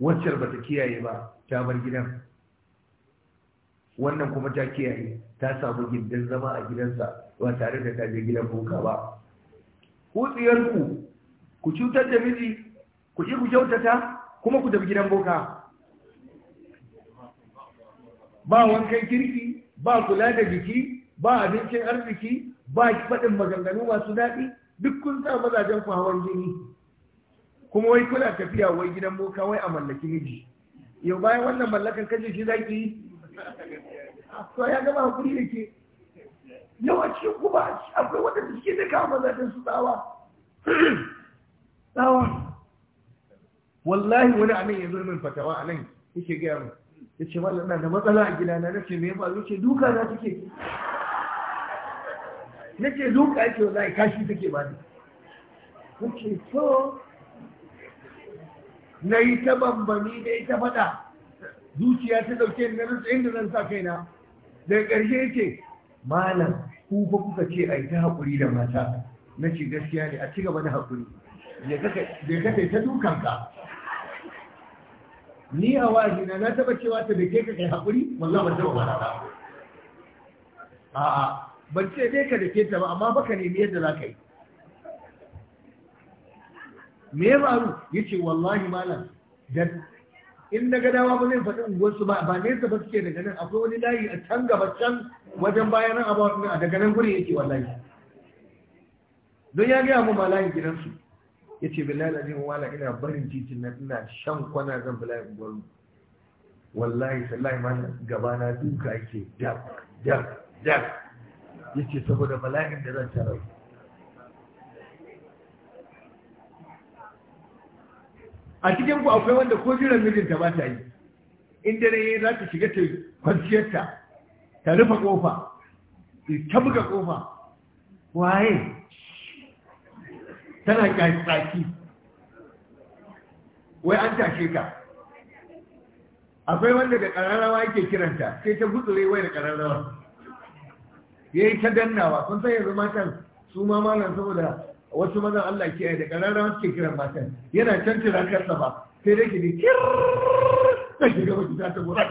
Speaker 3: Wancan ba ta kiyaye ba ta bar gidan wannan kuma ta kiyaye ta samu gindin zama a gidansa ba tare da ta je gidan boka ba ku tsiyarku ku cutar da miji ku yi ku kyautata kuma ku tafi gidan boka ba wankan kirki ba kula da jiki ba abincin arziki ba faɗin maganganu masu daɗi duk kun sa mazajen ku hawan jini kuma wai kula tafiya wai gidan boka wai a mallaki miji yau bayan wannan mallakan kashe shi zaki yi to ya gama hakuri da ke yau a cikin kuma akwai wanda suke da kama mazajen su tsawa tsawa wallahi wani anan ya zo min fatawa anan yake gaya mu ya ce ma na da matsala a gida na nace me ba ce duka na take nake duka yake wallahi kashi take ba ni nake so na yi ta bambami da ita faɗa zuciya ta ni na rutsa inda zan sa kaina daga karshe yake malam ku fa kuka ce a yi ta haƙuri da mata na ce gaskiya ne a ci gaba da haƙuri ya kai ta dukanka ni a wahina na taba cewa ta ke ka kai haƙuri wallah ba taba ba a'a ban ce dai ka ke ta ba amma baka ne nemi yadda za ka yi me ya faru ya ce wallahi malam dan in na ga dawa ba zai faɗi unguwarsu ba ba nesa ba suke daga nan akwai wani layi a can gaba can wajen bayan nan a daga nan guri yake wallahi don ya gaya mu ma layin gidansu ya ce bilal azim wala ina barin titin na ina shan kwana zan bala in wallahi sallahi ma gabana duka ke dab dab dab ya ce saboda bala'in da zan tarar a cikin ku akwai wanda ko jiran ta ba ta yi inda ne za ta shiga ta kwanciyarta ta rufe kofa ta buga kofa waye tana tsaki wai an tashe ka akwai wanda da kararrawa yake kiranta sai ta gudure wai da kararrawa ya yi ta dannawa kun san yanzu matan su ma malam saboda wasu mazan Allah ke da kararrawa suke kiran matan yana can tira kansa ba sai da ke ne ta shiga wata ta ta gura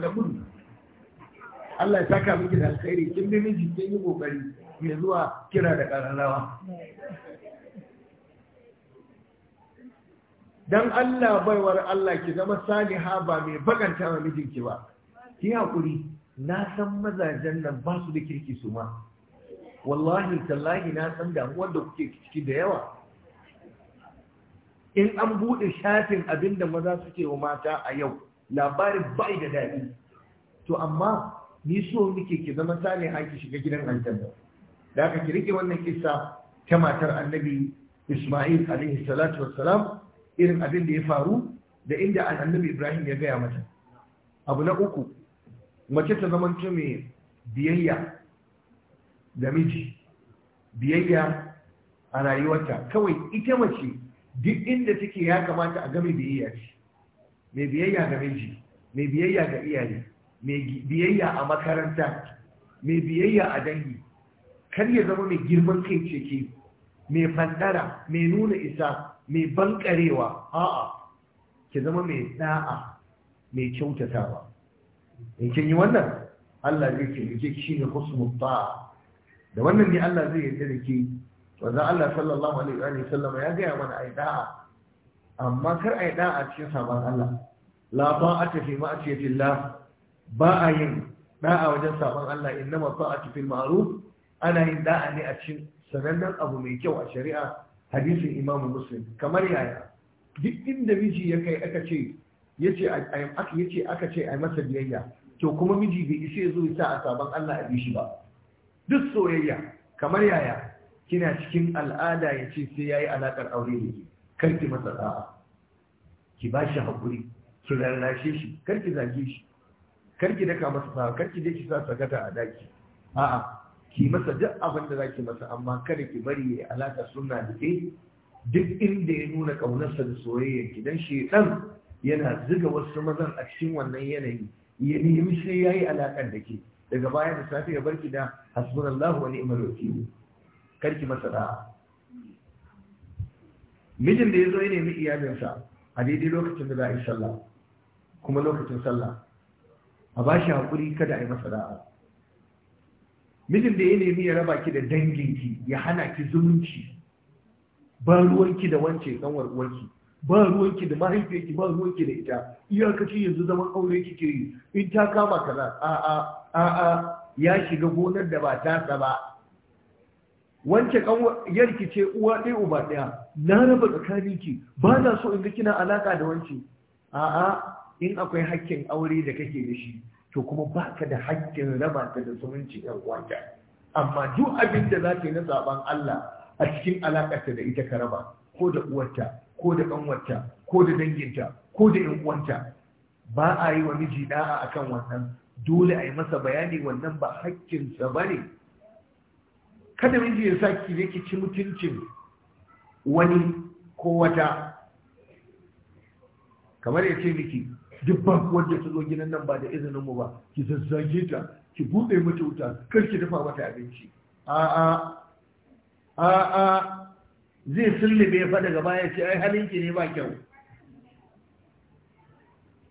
Speaker 3: da gudu Allah ya saka miki da alkhairi kin da miji kin yi kokari mai zuwa kira da ƙararrawa dan Allah baiwar Allah ki zama saliha ba mai baƙanta wa mijinki ba ki hakuri na san mazajen nan ba su da kirki su ma wallahi tallahi na san damuwar da kuke ciki da yawa in an buɗe shafin abinda maza suke wa mata a yau labarin bai da daɗi to amma ni so nake ki zama saliha ki shiga gidan aljanna da aka ki rike wannan kissa ta matar annabi Ismail alaihi salatu wassalam irin abin da ya faru da inda annabi ibrahim ya gaya mata abu na uku mace ta ta mai biyayya da miji biyayya a rayuwarta kawai ita mace duk inda take ya kamata a game biyayya ce mai biyayya ga miji mai biyayya ga iyali, mai biyayya a makaranta mai biyayya a dangi kar ya zama mai girman kai ceke mai fandara mai nuna isa mai bankarewa a'a ki zama mai da'a mai kyautatawa in kin yi wannan Allah zai ce muje shi ne husnul ta'a da wannan ne Allah zai yarda da ke? wanda Allah sallallahu alaihi wa sallam ya ga mana ai da'a amma kar ai da'a cikin sabon Allah la ta'ata fi ma'siyatillah ba a yin da'a wajen sabon Allah innama ta'atu fil ma'ruf ana yin da'a ne a cikin sanannen abu mai kyau a shari'a hadisin imamu muslim kamar yaya duk inda miji ya kai aka ce yace aka ce aka ce a masa biyayya to kuma miji bai isa ya zo ya a sabon Allah a bishi ba duk soyayya kamar yaya kina cikin al'ada ya ce sai yayi alakar aure ne karki masa da'a ki ba shi hakuri ki rarrashe shi karki zage shi karki daka masa sawa karki je ki sa sakata a daki a'a ki masa duk abin da zaki masa amma kada ki bari ya alaka sunna da ke duk inda ya nuna kaunarsa da soyayya ki dan yana zuga wasu mazan a cikin wannan yanayi ya nemi ya yayi alaƙar da ke daga baya da safi ya barki da hasbunallahu wa ni'mal wakil ki masa da'a mijin da ya zo ya nemi iyalinsa a daidai lokacin da za a yi sallah kuma lokacin sallah a ba shi haƙuri kada a yi masa da'a mijin da ya nemi ya raba ki da danginki ya hana ki zumunci ba ruwanki da wance kanwar uwarki ba ruwanki da mahaifiyarki ba ruwanki da ita iyakaci yanzu zaman aure kike yi in ta kama kaza a a a a ya shiga gonar da ba ta ba wance kan yarki ce uwa ɗaya uba ɗaya na raba tsakaninki ba na so in ga kina alaka da wance a a in akwai hakkin aure da kake da shi to kuma ba ka da haƙƙin raba ta da zumunci ɗan uwata. amma duk abin da za ta yi na saban Allah a cikin alaƙarta da ita ka raba ko da uwarta ko da ƙanwarta ko da danginta ko da ƴan uwanta ba a yi wa miji da'a akan wannan dole a yi masa bayani wannan ba haƙƙinsa ba ne kada miji ya sa ki ki ci mutuncin wani ko wata kamar ya ce miki duk ba wanda ta zo gidan nan ba da izinin mu ba ki zazzage ta ki buɗe mata wuta kar ki dafa mata abinci a'a a'a zai sullube fa daga baya ce ai halin ki ne ba kyau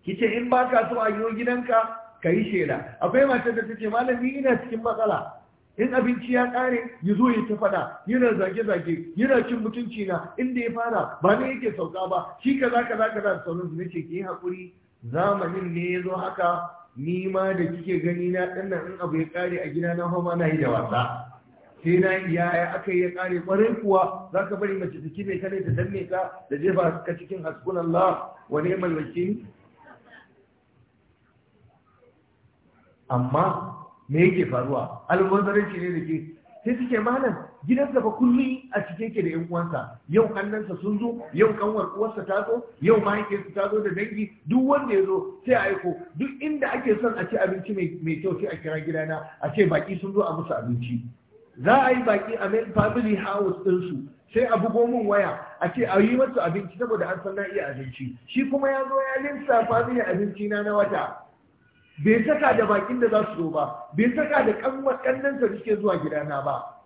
Speaker 3: ki ce in ba ka so a yi gidanka ka yi shela akwai matar da ta ce malami ina cikin matsala in abinci ya kare ya zo ya ta fada yana zage-zage yana cin mutunci na inda ya fara ba ne yake sauka ba shi ka ka za za ka za kaza da zuwa ce ki yi haƙuri zamanin ne ya zo haka ni da kike gani na ɗannan in abu ya ƙare a gida na fama na yi da wasa sai na yi yaya aka yi ya ƙare ƙwarai kuwa za ka bari mace jiki mai kare da ta danne ka da jefa ka cikin hasbun Allah wa neman wakil amma me yake faruwa almubazzaranci ne da ke sai suke malam Gidan fa kullum a cike yake da yan uwansa yau hannunsa sun zo yau kanwar uwarsa ta zo yau mahaifiyarsa ta zo da dangi duk wanda ya zo sai a aiko duk inda ake son a ci abinci mai kyau sai a kira gidana a ce baki sun zo a musu abinci za a yi baki a main family house ɗinsu sai a bugo min waya a ce a yi masu abinci saboda an san na iya abinci shi kuma ya zo ya lissafa family abinci na na wata bai saka da bakin da za su zo ba bai saka da kannan da suke zuwa gidana ba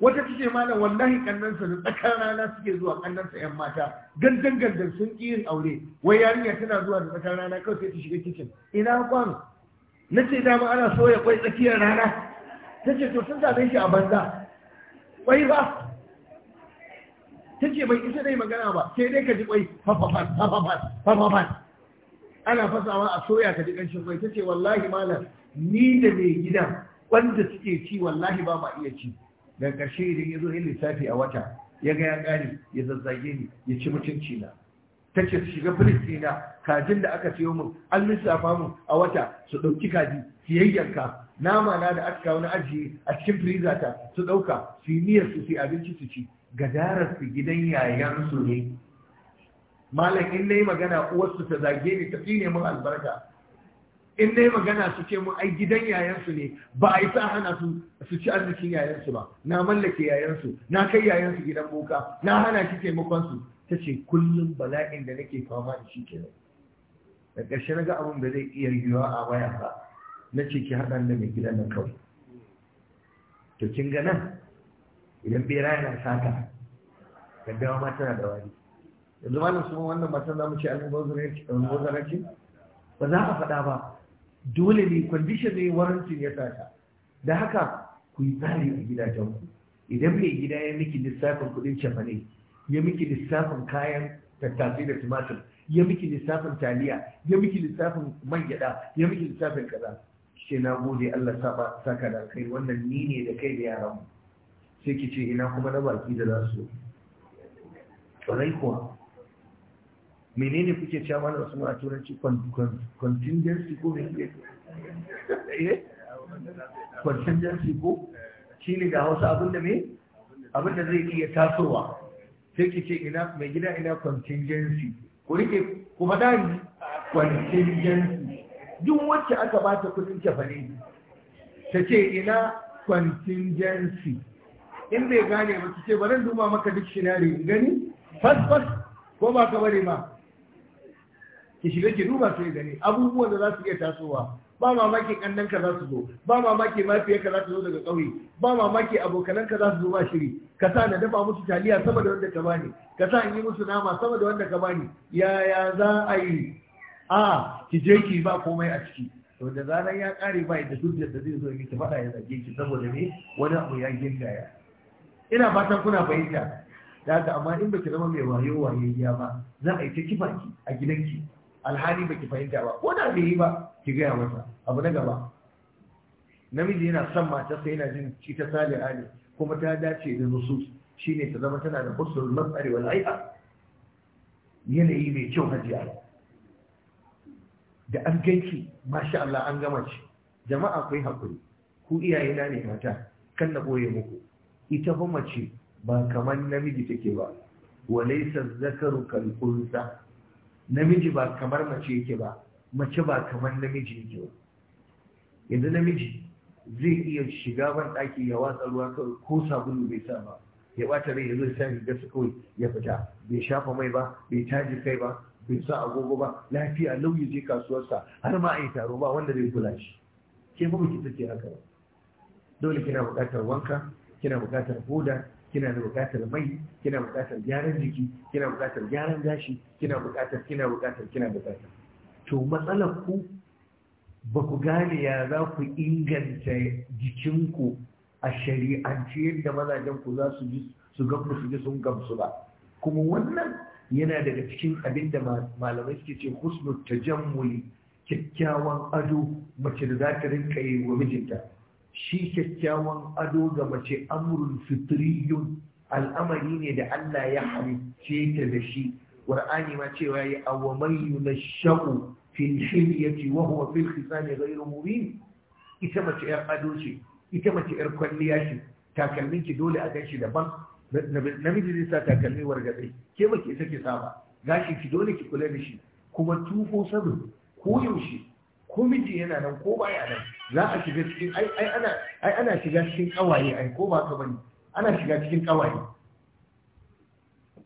Speaker 3: wata ta ce malam wallahi kannansa da tsakar rana suke zuwa sa yan mata gandan gandan sun ƙi yin aure wai yarinya tana zuwa da tsakar rana kawai sai ta shiga kicin ina kwan na ce dama ana soya kwai tsakiyar rana ta ce to sun zaɓe shi a banza kwai ba ta ce bai isa dai magana ba sai dai ka ji kwai fafafan fafafan fafafan ana fasawa a soya ka ji ƙanshin kwai ta ce wallahi malam ni da mai gidan wanda suke ci wallahi ba ma iya ci dan karshe idan ya zo yin lissafi a wata ya ga ya ƙari ya zazzage ni ya ci mutunci na ta ce su shiga filistina kajin da aka siyo mu an lissafa mu a wata su ɗauki kaji su yayyanka nama na da aka kawo na ajiye a cikin freezer ta su ɗauka su yi miyar su su abinci su ci gadarar su gidan yayansu ne malam in na yi magana uwarsu ta zage ni ta tsine mun albarka in dai magana su ce mu ai gidan yayansu ne ba a yi sa hana su su ci arzikin yayansu ba na mallake yayansu na kai yayansu gidan boka na hana ki taimakon su ta ce kullum bala'in da nake fama da shi kenan da ƙarshe na ga abin da zai iya yiwuwa a waya ba na ce ki haɗa da mai gidan nan kawai to kin ga nan idan bera yana sata gaggawa ma tana da wari yanzu malam su wannan matan za mu ce almubazaranci ba za a faɗa ba dole ne condition ne warancin ya sata da haka ku yi tsari a gidajenku idan mai gida ya miki lissafin kudin cefane ya miki lissafin kayan tattasai da tumatir ya miki lissafin taliya ya miki lissafin man gyada ya miki lissafin kaza ce na gode Allah saba saka da kai wannan ni ne da kai da yaran mu sai ki ce ina kuma na baki da za su kwarai kuwa menene kuke cewa mana wasu a turanci contingency ko menene
Speaker 1: eh? contingency
Speaker 3: ko shi ne hausa wasu abinda me da zai iya tasowa sai ki ce ina mai gida ina contingency ko rike ku faɗa ni contingency duk wacce aka ba ta kudin cefane ta ce ina contingency in bai gane ba su ce bari duba maka dictionary in gani Fasfas. ko ba ka bari ba ki shiga ki duba sai gani abubuwan da za su iya tasowa ba mamaki ka za su zo ba mamaki ka za su zo daga ƙauye ba mamaki abokananka za su zo ba shiri ka sa na dafa musu taliya sama da wanda ka bani ka sa in yi musu nama sama da wanda ka bani yaya za a yi a ki je ki ba komai a ciki to da zaran ya kare ba da duk da zai zo ki faɗa ya zage ki saboda me wani abu ya gindaya ina fatan kuna fahimta da haka amma in baki zama mai wayo wayo ba za a yi ta kifa ki a gidanki alhali baki fahimta ba ko da bai yi ba ki gaya masa abu na gaba namiji yana son mata sai yana jin ci ta sale ali kuma ta dace da shi shine ta zama tana da kusur matsari wal aika yanayi mai kyau hajiya da an ganki masha Allah an gama ci jama'a kai hakuri ku iyaye na ne mata kan na boye muku ita fa mace ba kamar namiji take ba walaysa zakaru kal unsa namiji ba kamar mace yake ba mace ba kamar namiji yake ba yanzu namiji zai iya shiga ban ɗaki ya watsa ruwa kawai ko sabulu bai sa ba ya ɓata rai ya zo sa riga su kawai ya fita bai shafa mai ba bai taji kai ba bai sa agogo ba lafiya lauyi je kasuwarsa har ma a yi taro ba wanda zai kula shi ke ba ki take haka dole kina buƙatar wanka kina buƙatar hoda kina da buƙatar mai kina buƙatar gyaran jiki kina buƙatar gyaran gashi kina buƙatar kina buƙatar kina buƙatar to matsalar ku ba ku gane ya za ku inganta jikinku a shari'ance yadda mazajen ku za su ji su gamsu su ji sun gamsu ba kuma wannan yana daga cikin abin da malamai suke ce husnul tajammuli kyakkyawan ado mace da za ta rinka yi wa mijinta shi kyakkyawan ado ga mace amrun fitriyun al'amari ne da Allah ya halicce ta da shi qur'ani ma cewa ya awamai yunashaqu fil hilyati wa huwa fil khisami ghayru mubin ita mace yar ado ce ita mace yar kwalliya ce takalmin ki dole a ganshi daban namiji zai sa takalmi wargatsai ke ba ke sake sa gashi ki dole ki kula da shi kuma tufo sabin ko yaushe ko miji yana nan ko baya nan za a shiga cikin ai ana ai ana shiga cikin kawaye ai ko ba ka bane ana shiga cikin kawaye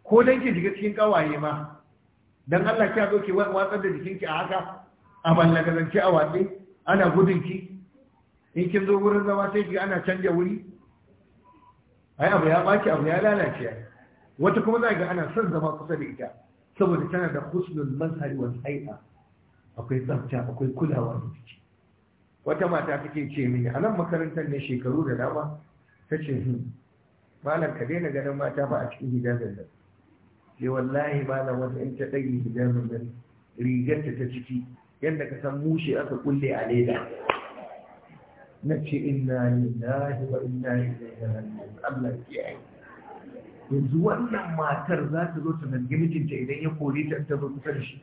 Speaker 3: ko dan ki shiga cikin kawaye ma dan Allah ki zo ki watsar da jikinki a haka a ballagazance a watsi ana gudun ki in kin zo wurin zama sai ki ana canja wuri ai abu ya baki abu ya lalace ai wata kuma za ga ana son zama kusa da ita saboda tana da husnul mazhari wal hayya akwai tsafta akwai kulawa da jiki wata mata take ce mini a nan makarantar ne shekaru da dama ta ce hmm, malam ka daina ganin mata ba a cikin hijabin nan sai wallahi malam wata in ta ɗage hijabin nan rigarta ta ciki yadda ka san mushe aka kulle a leda na ce inna lillahi wa inna ilaihi raji'un Allah kiyaye yanzu wannan matar za ta zo ta zargi mijinta idan ya kore ta ta zo kusa da shi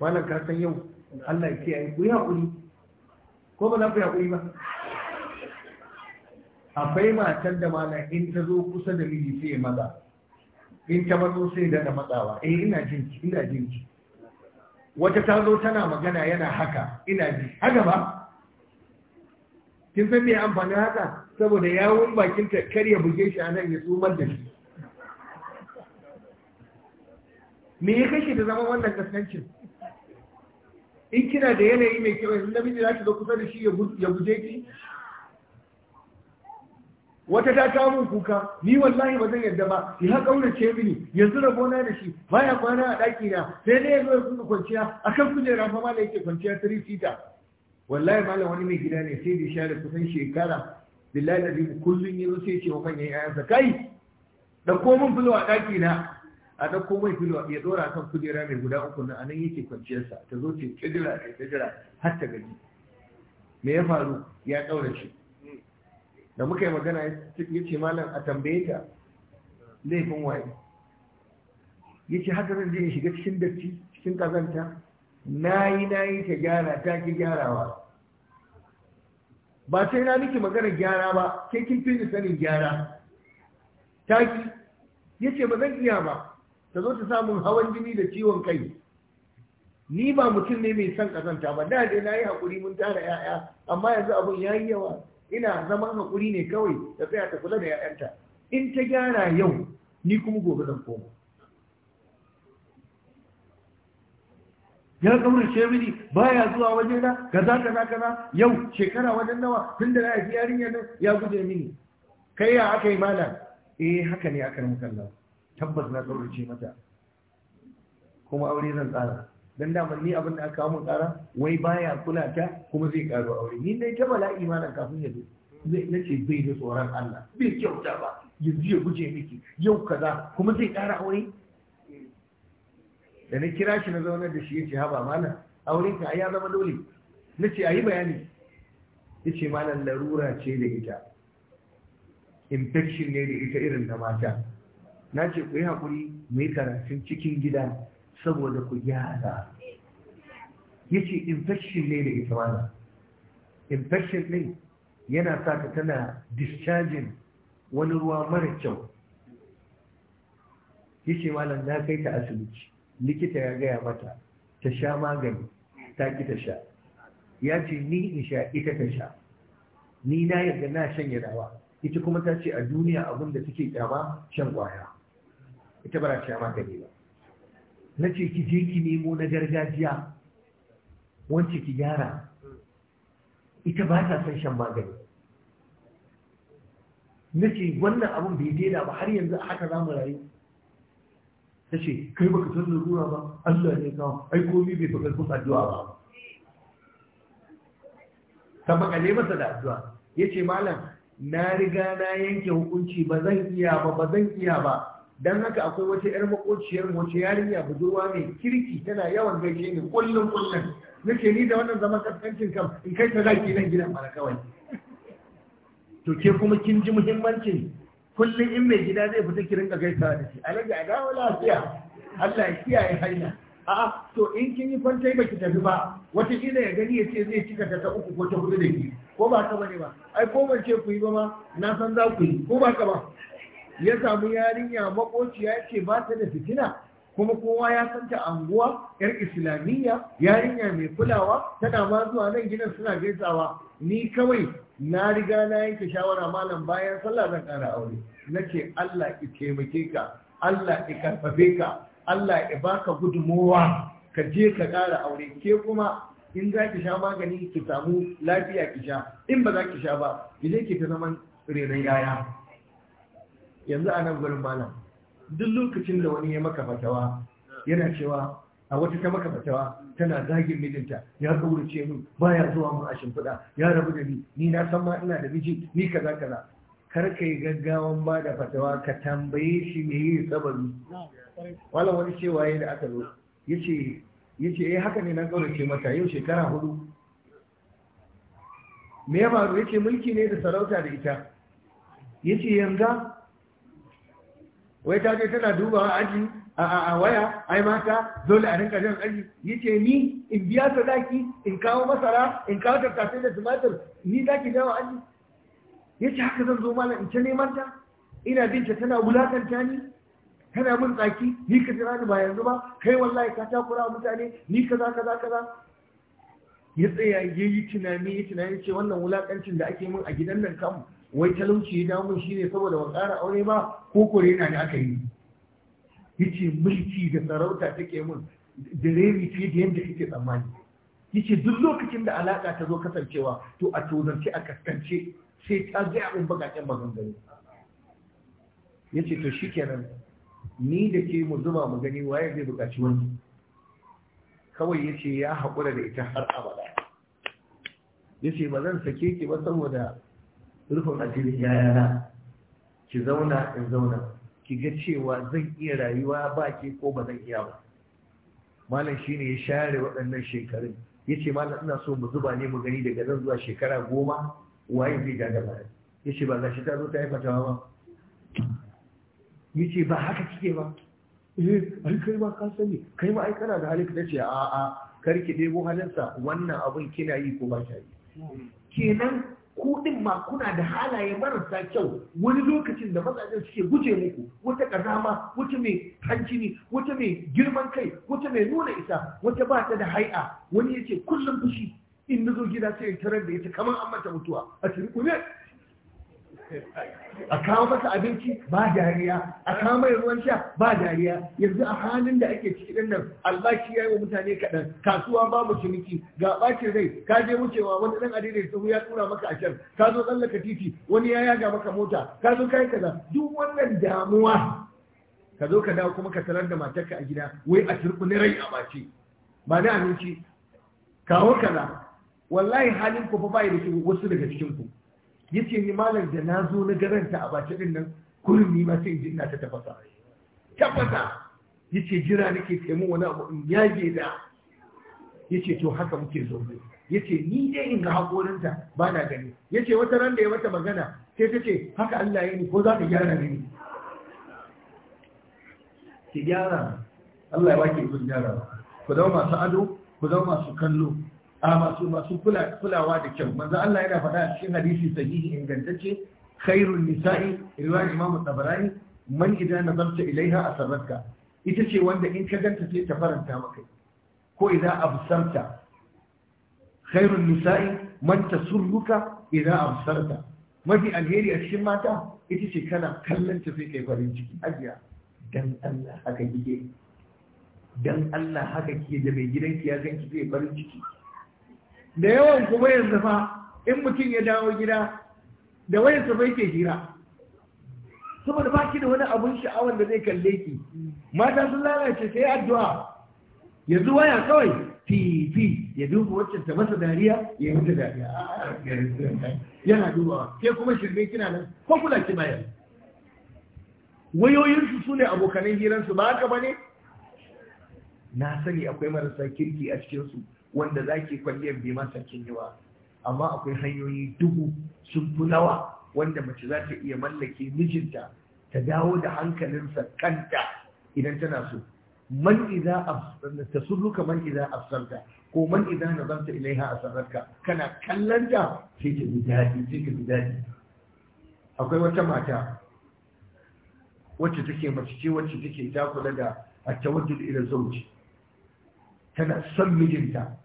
Speaker 3: malam ka san yau Allah ya kiyaye ku yi haƙuri. ko ba za ku yaƙuri ba akwai matar da mana in ta zo kusa da miji sai ya maza in ta matso sai da matsawa eh ina ki ina ki wata ta zo tana magana yana haka ina ji haka ba kin san me amfanin haka saboda yawun bakin ta kar ya buge shi anan ya tsumar da shi me ya kashe da zama wannan kaskancin in kina da yanayi mai kyau in namiji za ki kusa da shi ya guje ki wata ta kawo kuka ni wallahi ba zan yadda ba ya kaurace mini yanzu na da shi baya kwana a ɗaki na sai dai ya zo ya kuma kwanciya akan kujera ma da yake kwanciya three seater wallahi malam wani mai gida ne sai da share kusan shekara billahi da kullun yanzu sai ce wa manyan ayansa kai da komin fulo a ɗaki na a ɗauko mai filo ya ɗora kan kujera mai guda uku na anan yake kwanciyarsa ta zo ce kijira da kijira har ta gaji me ya faru ya ɗaura shi da muka yi magana ya ce malam a tambaye ta laifin waye ya ce haka zan je in shiga cikin datti cikin kazanta na yi na yi ta gyara ta ki gyarawa ba sai na miki magana gyara ba sai kin fi sanin gyara taki ya ce ba zan iya ba ta zo ta samun hawan jini da ciwon kai ni ba mutum ne mai son kazanta ba da dai na yi haƙuri mun tara 'ya'ya amma yanzu abun ya yi yawa ina zaman hakuri ne kawai ta tsaya ta kula da 'ya'yanta in ta gyara yau ni kuma gobe zan koma ya kaura shemini baya zuwa wajena kaza kaza kaza yau shekara wajen nawa tun da na haifi yarinya nan ya guje mini kai ya aka yi malam eh haka ne aka mukallawa tabbas na kaurace mata kuma aure zan tsara dan damar ni abin da aka kawo mun tsara wai baya kula ta kuma zai karo aure ni dai ta bala'i imanin kafin ya zo zai nace bai da tsoron Allah bai kyauta ba yanzu ya guje miki yau kaza kuma zai kara aure da na kira shi na zaunar da shi yace haba mana aure ka ya zama dole nace ayi bayani yace malam larura ce da ita infection ne da ita irin ta mata na ce ku yi haƙuri mu yi karatun cikin gida saboda ku gyara ya ce infection ne da ita wannan infection ne yana sa ta tana discharging wani ruwa mara kyau ya ce malam na kai ta asibiti likita ya gaya mata ta sha magani ta ki ta sha ya ce ni in sha ita ta sha ni na yarda na shan yadawa ita kuma ta ce a duniya abin da take kyama shan kwaya ita ba ta ne ba na ce ki je ki nemo na gargajiya wance ki gyara ita ba ta son shan magani na ce wannan abin bai daina ba har yanzu haka za mu rayu ta ce kai baka san ruwa ba Allah ne kawo ai komi bai fi karfin addu'a ba ta ne masa da addu'a ya ce malam na riga na yanke hukunci ba zan iya ba ba zan iya ba dan haka akwai wata yar makociyar wace yarinya budurwa mai kirki tana yawan gaishe ne kullum kullum nake ni da wannan zaman kaskancin kam in kai ta zaki nan gidan mara kawai to ke kuma kin ji muhimmancin kullum in mai gida zai fita ki rinka gaisa da shi alaji a dawo lafiya Allah ya kiyaye haina a'a to in kin yi kwantai baki tafi ba wata kila ya gani ya ce zai cika ta uku ko ta hudu da ki ko ba ka bane ba ai ko ban ce ku yi ba ma na san za ku yi ko ba ka ba ya samu yarinya makociya ce ba ta da fitina kuma kowa ya san ta anguwa yar islamiyya yarinya mai kulawa tana ma zuwa nan gidan suna gaisawa ni kawai na riga na yanke shawara malam bayan sallah zan kara aure nace Allah ki taimake ka Allah ki karfafe ka Allah ya baka gudumowa ka je ka kara aure ke kuma in za ki sha magani ki samu lafiya ki sha in ba za ki sha ba ki je ki ta zaman renon yaya yanzu a nan gurin malam duk lokacin da wani ya maka fatawa yana cewa a wata ta maka fatawa tana zagin mijinta ya kaurace min baya zuwa mun a shimfiɗa ya rabu da ni ni na san ma ina da miji ni kaza kaza kar ka yi gaggawan ba da fatawa ka tambaye shi me yi sababi wala wani cewa yayi da aka zo yace yace eh haka ne na kaurace mata yau shekara hudu me ya faru yace mulki ne da sarauta da ita yace yanga wai ta je tana dubawa aji a waya ai mata dole a rinka jan aji yace ni in biya sadaki in kawo masara in kawo tattasai da tumatir ni zaki dawa aji yace haka zan zo malam in ce neman ta ina ta tana wulakanta ni tana mun tsaki ni ka jira ni ba yanzu ba kai wallahi ka kura mutane ni kaza kaza kaza ya tsaya ya yi tunani ya tunani ce wannan wulakancin da ake mun a gidan nan kamu wai talauci ya damu shi ne saboda ba ƙara aure ba ko kore na ne aka yi yace mulki da sarauta take mun da rewi fiye da yadda kake tsammani yace duk lokacin da alaka ta zo kasancewa to a tozarci a kaskance sai ta gaya mun bakaken maganganu yace to shikenan ni da ke mu zuba mu gani waye zai bukaci wani kawai yace ya haƙura da ita har abada yace ba zan sake ki ba saboda rufin asirin yayana ki zauna in zauna ki ga cewa zan iya rayuwa ba ke ko ba zan iya ba malam shi ne ya share waɗannan shekarun ya ce malam ina so mu zuba ne mu gani daga nan zuwa shekara goma waye zai ja gaba ya ce ba za shi ta zo ta haifa fatawa ba ya ce ba haka kike ba eh ai kai ma ka sani kai ma ai kana da hali ka ce a a kar ki debo halinsa wannan abin kina yi ko ba shi yi hmm. kenan ku din ma kuna da halaye marasa kyau wani lokacin da mazajen suke guje muku wata kazama wata mai hankini wata mai girman kai wata mai nuna isa wata ba ta da hai'a wani yace kullum fushi in nazo gida sai tarar da ita kamar an mata mutuwa a cikin kuma a kawo masa abinci ba dariya a kawo mai ruwan sha ba dariya yanzu a halin da ake ciki din nan albashi ya yi wa mutane kaɗan kasuwa babu ciniki ga ɓacin rai ka je wucewa wani ɗan adini da ya tura maka a can ka zo tsallaka titi wani ya yaga maka mota ka zo kai kaza duk wannan damuwa ka zo ka dawo kuma ka tarar da matarka a gida wai a turɓi rai a ɓace ba na aminci kawo kaza wallahi halin ku fa bai da wasu daga cikin ku yake ni malam da na zo na garanta a bace din nan kurin ni ma sai ina ta tafasa tafasa yace jira nake kai mu wani abu in yage da yace to haka muke zo yace ni dai in ga ta ba na gani yace wata ran da ya mata magana sai ta ce haka Allah ya ni ko za ka gyara ni ki gyara Allah ya baki kun gyara ku zama masu ado ku zama masu kallo a masu masu kulawa da kyau manzo Allah yana faɗa a cikin hadisi sahihi ingantacce khairul nisa'i riwayat Imam Tabarani man idan nazarta ilaiha asarraka ita ce wanda in ka ganta sai ta faranta maka ko idan absarta khairul nisa'i man tasurruka idan absarta mafi alheri a cikin mata ita ce kana kallon ta sai kai farin ciki ajiya dan Allah haka kike dan Allah haka kike da mai gidanki ya ganki sai farin ciki da yawan kuma yanzu fa in mutum ya dawo gida da wayan safai ke hira saboda ba ki da wani abun sha'awar da zai kalle ki mata sun lalace sai addu'a yanzu waya kawai tv ya duba wacce ta masa dariya ya yi mata dariya ah, ah, yana dubawa sai kuma shirme kina nan ko kula ki bayan wayoyinsu su ne abokanan hiransu ba haka ba ne na sani akwai marasa kirki a cikinsu wanda zaki kwalliyar bai masa kin yi ba amma akwai hanyoyi dubu sun fi nawa wanda mace za ta iya mallake mijinta ta dawo da hankalinsa kanta idan tana so man idza tasurruka man idza afsarta ko man idza nazarta ilaiha asarraka kana kallanta sai ta ji daɗi sai ka ji daɗi akwai wata mata wacce take mace ce wacce take ta kula da at-tawaddud ila zauji? tana son mijinta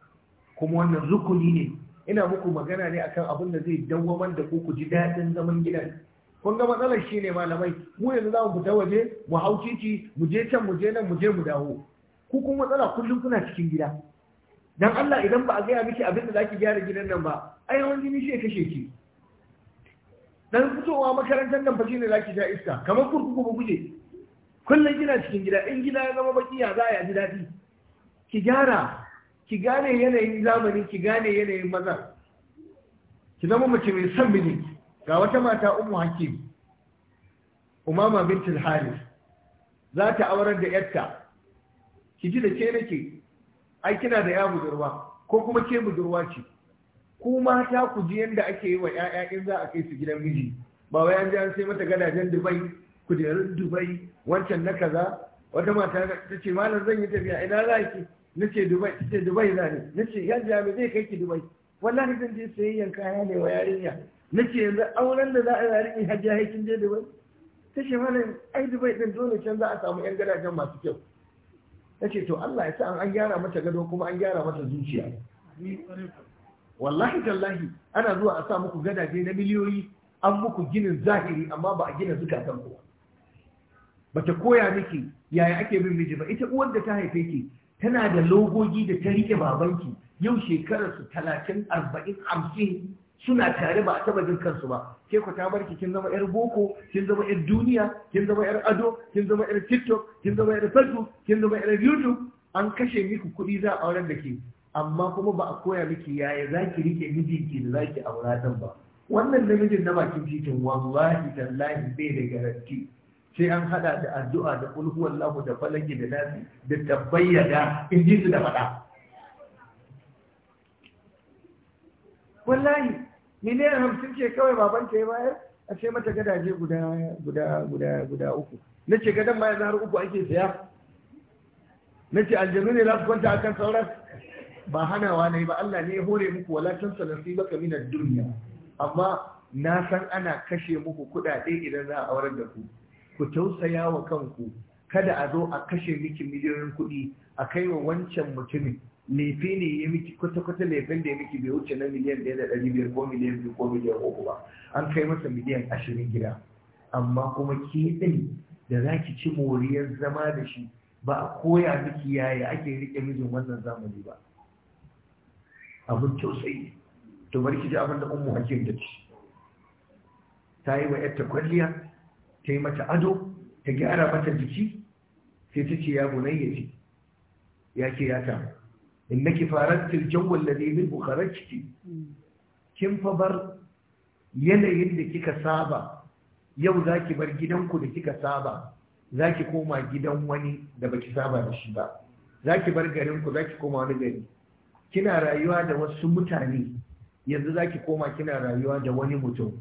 Speaker 3: kuma wannan rukuni ne ina muku magana ne akan abin da zai dawwamar da ku ku ji daɗin zaman gidan kun ga matsalar shi ne malamai mu yanzu za mu fita waje mu hau titi mu je can mu je nan mu je mu dawo ku kun matsala kullum kuna cikin gida dan Allah idan ba a gaya miki abin da zaki gyara gidan nan ba ai wani jini shi ya kashe ki dan fitowa makarantar nan fa shine zaki ja iska kamar kurkuku ba guje kullum kina cikin gida in gida ya zama baki ya za a ji daɗi ki gyara ki gane yanayin zamani ki gane yanayin maza ki zama mace mai son mini. ga wata mata umu hakim umama bintul haris za ta aurar da yarta ki ji da ke nake ai kina da ya budurwa ko kuma ke budurwa ce ku mata ku ji yanda ake yi wa 'ya'ya in za a kai su gidan miji ba wai an ji an sai mata gadajen Dubai kujerun Dubai wancan na kaza wata mata ta ce malam zan yi tafiya ina za ki nace dubai tace dubai za ni nace yanzu ya zai kai ki dubai wallahi zan je sayayyan kaya ne wa yarinya nace yanzu auren da za a yarinya hajji kin je dubai ta ce mana ai dubai din dole can za a samu yan gadajen masu kyau Nace to Allah ya sa an gyara mata gado kuma an gyara mata zuciya wallahi tallahi ana zuwa a sa muku gadaje na miliyoyi an muku ginin zahiri amma ba a gina zukatan ku ba ta koya miki yaya ake bin miji ba ita uwar da ta haife ki tana da logogi da ta rike babanki yau shekararsu talatin arba'in hamsin suna tare ba a taba jin kansu ba ke ku ta barki kin zama yar boko kin zama yar duniya kin zama yar ado kin zama yar tiktok kin zama yar facebook kin zama yar youtube an kashe miki kuɗi za a auren da ke amma kuma ba a koya miki yaya za ki rike mijinki da za ki aura ba wannan namijin na bakin titin wallahi tallahi bai da garanti sai an hada da addu'a da kulhu wallahu da falaki da nasi da tabbayya in ji su da faɗa wallahi miliyan hamsin ce kawai baban ta ya bayar a ce mata gadaje guda guda guda guda uku na ce gadon ma yanzu har uku ake saya na ce aljanu ne za su kwanta akan sauran ba hanawa ne ba Allah ne ya hore muku wala salasi baka min ad-dunya amma na san ana kashe muku kuɗaɗe idan za a aurar da ku ku tausaya wa kanku kada a zo a kashe miki miliyoyin kuɗi a kai wa wancan mutumin laifi ne ya miki kwata-kwata laifin da ya miki bai wuce na miliyan ɗaya da ɗari biyar ko miliyan biyu ko miliyan uku ba an kai masa miliyan ashirin gida amma kuma ke ɗin da za ki ci moriyar zama da shi ba a koya miki yaya ake riƙe mijin wannan zamani ba abin tausayi to bari ki ji abin da ummu hakim da ci ta yi wa yarta kwalliya ta yi mata ado ta gyara mata jiki sai ta ce ya ya ce ya ce ya ta innaki farantil jawwal ladhi min ciki kin fa bar yanayin da kika saba yau za ki bar gidanku da kika saba za ki koma gidan wani da baki saba da shi ba Za ki bar garinku za ki koma wani gari kina rayuwa da wasu mutane yanzu za ki koma kina rayuwa da wani mutum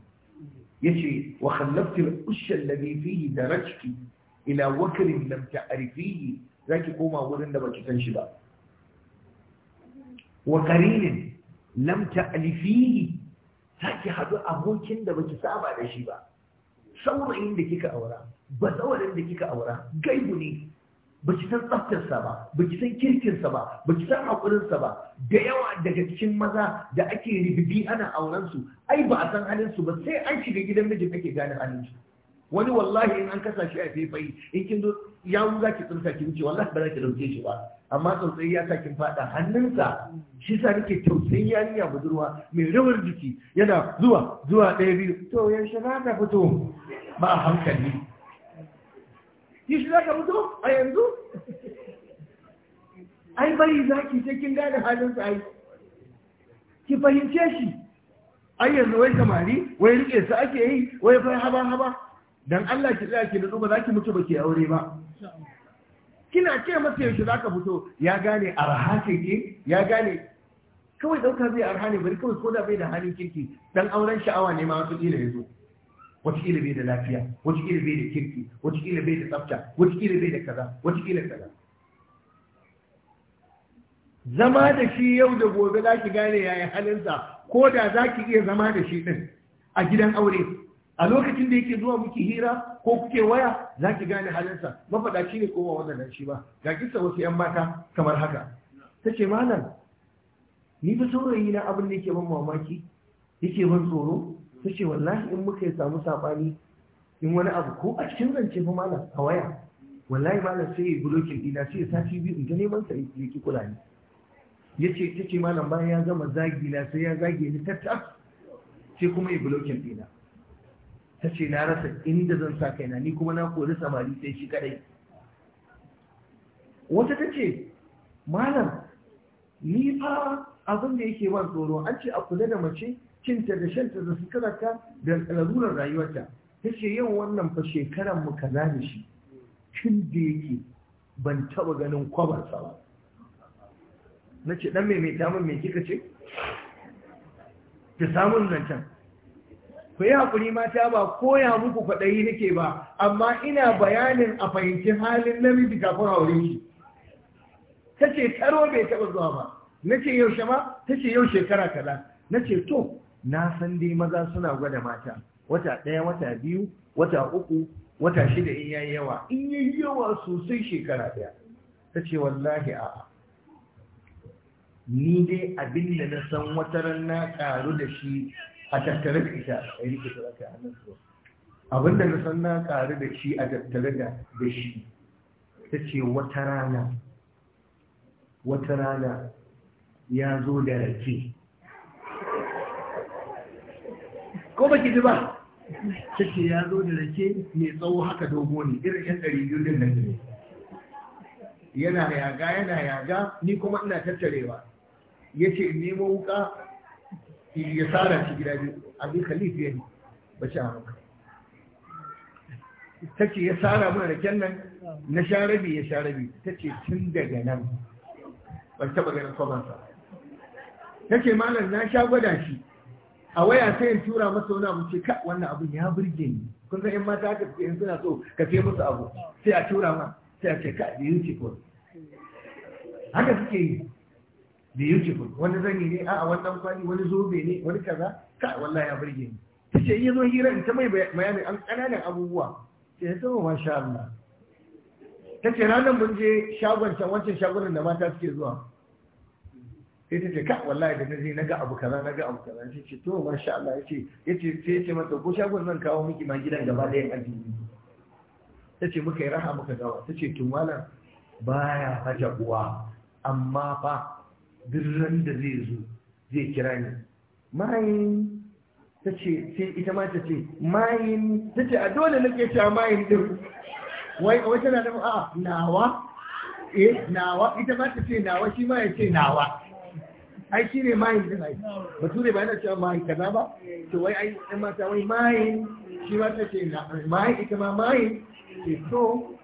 Speaker 3: yace wa khallafti al-ushya alladhi fihi ina ila wakrin lam ta'rifihi zaki koma wurin da baki san shi ba Wakarinin qarinin lam ta'lifihi zaki hadu abokin da baki saba da shi ba saurayin da kika aura bazawarin da kika aura gaibu ne ba ki san tsaftarsa ba ba ki san kirkinsa ba ba ki san haƙurinsa ba da yawa daga cikin maza da ake rigidi ana auren su ai ba a san halin ba sai an shiga gidan mijin ake gane halin wani wallahi in an kasa shi a faifai in kin zo ya mu zaki tsinta kin wuce wallahi ba za ki dauke shi ba amma tsautsayi ya sa kin fada hannunsa shi sa nake tausayin yarinya budurwa mai rawar jiki yana zuwa zuwa ɗaya biyu to yaushe za ka fito ba a hankali yi shi za ka mutu a yanzu ai bari za ki ce kin gane halin sa ai ki fahimce shi ai yanzu wai samari wai rike su ake yi wai fa haba haba dan Allah ki tsaya ki nutsu ba za ki mutu ba ke aure ba kina ce masa yaushe za ka fito ya gane arha ke ya gane kawai ɗauka zai arha ne bari kawai ko da bai da halin kirki dan auren sha'awa ne ma wasu ƙila ya zo wataƙila bai da lafiya wataƙila bai da kirki wataƙila bai da tsafta wataƙila bai da kaza wataƙila kaza zama da shi yau da gobe za ki gane yayi halinsa ko da za ki iya zama da shi ɗin a gidan aure a lokacin da yake zuwa muke hira ko kuke waya za ki gane halinsa mafaɗaci ne kowa wannan shi ba ga kisa wasu 'yan mata kamar haka ta ce malam ni fi saurayi na abin da yake ban mamaki yake ban tsoro su ce wallahi in muka yi samu saɓani in wani abu ko a cikin zance ba malam a waya wallahi malam sai ya yi bulokin dina, sai ya sa biyu in ta neman sa ya ki kula ne ya ce ta ce malam bayan ya gama zagi na sai ya zage ni tattas sai kuma ya bulokin dina. ta ce na rasa inda zan sa kaina ni kuma na kori samari sai shi kadai wata ta ce malam ni fa abin da yake ban tsoro an ce a kula da mace cinta da shanta da ta da larurar rayuwarta ta ce yin wannan fa shekaran mu kaza da shi tun da yake ban taba ganin kwabarsa ba na ce dan mai mai mai kika ce ta samun zancen ku yi haƙuri mata ba koya muku kwaɗayi nake ba amma ina bayanin a fahimci halin namiji kafin haure shi ta ce taro bai taɓa zuwa ba na ce yaushe ma ta ce yau shekara kaza na ce to na san dai maza suna gwada mata wata ɗaya wata biyu wata uku wata shida in yayi yawa in yayi yawa sosai shekara ɗaya ta ce wallahi a'a ni dai abin da na san wata ran na karu da shi a tattare da ita a yi rike talaka abin da na san na karu da shi a tattare da shi ta ce wata rana wata rana ya zo da rake ko ba ki ji ba take ya zo da rake mai tsawo haka dogo ne irin yan ɗari biyu din nan ne
Speaker 4: yana yaga yana
Speaker 3: yaga ni kuma ina tattarewa ya ce nemo wuka ya tsara shi gida biyu abin khalif ya ne ba ci a maka ta ce ya tsara mana raken nan na sha rabi ya sha rabi ta ce tun daga nan ban taɓa ganin kwamansa
Speaker 4: ta ce malam na sha
Speaker 3: gwada shi a waya sai in tura masa wani abu ce ka wannan abu ya burge ni kun san in mata haka suke in suna so ka ce musu abu sai a tura ma sai a ce ka ko haka suke yi ko wani zani ne a'a wannan kwani wani zobe ne wani kaza ka wallahi ya burge ni ta ce iya zo hira in ta mai bayanin an ƙananan abubuwa ce ya sama masha Allah ta ce ranar mun je shagon can wancan shagunan da mata suke zuwa sai ta ce ka wallahi da naje naga abu kaza naga abu kaza sai ce to masha Allah yace yace sai yace mata ko shagon zan kawo miki ma gidan gaba da addini ce muka yi raha muka gawa ta ce to malam baya haja uwa amma fa dirran da zai zo zai kira ni mayin ce sai ita ma ta tace mayin ce a dole nake cewa mayin din wai wata na da a nawa eh nawa ita ma ta ce nawa shi ma yace nawa ai shi ne mayin din ai bature ba yana cewa mayin kaza ba to wai ai ɗan mata wai mayin shi ma ta ce na mayin ita ma mayin ke so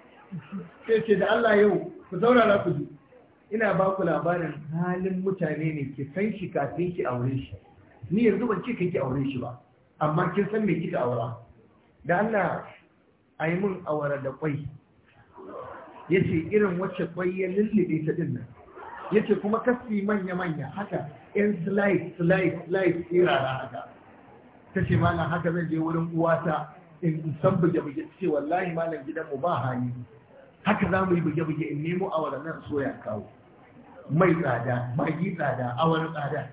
Speaker 3: ce da Allah yau ku saurara ku ji ina ba ku labarin halin mutane ne ki san shi kafin ki aure shi ni yanzu ban ce kai ki aure shi ba amma kin san me kika aura da Allah ai mun min awara da kwai yace irin wacce kwai ya lullube ta din nan yace kuma kasi manya manya haka yan slice slice tsira tsirara haka tace malam haka zan je wurin uwata in san buge buge ce wallahi malam gidan mu ba hali haka za mu yi buge buge in nemo awara nan soya kawo mai tsada magi tsada wani tsada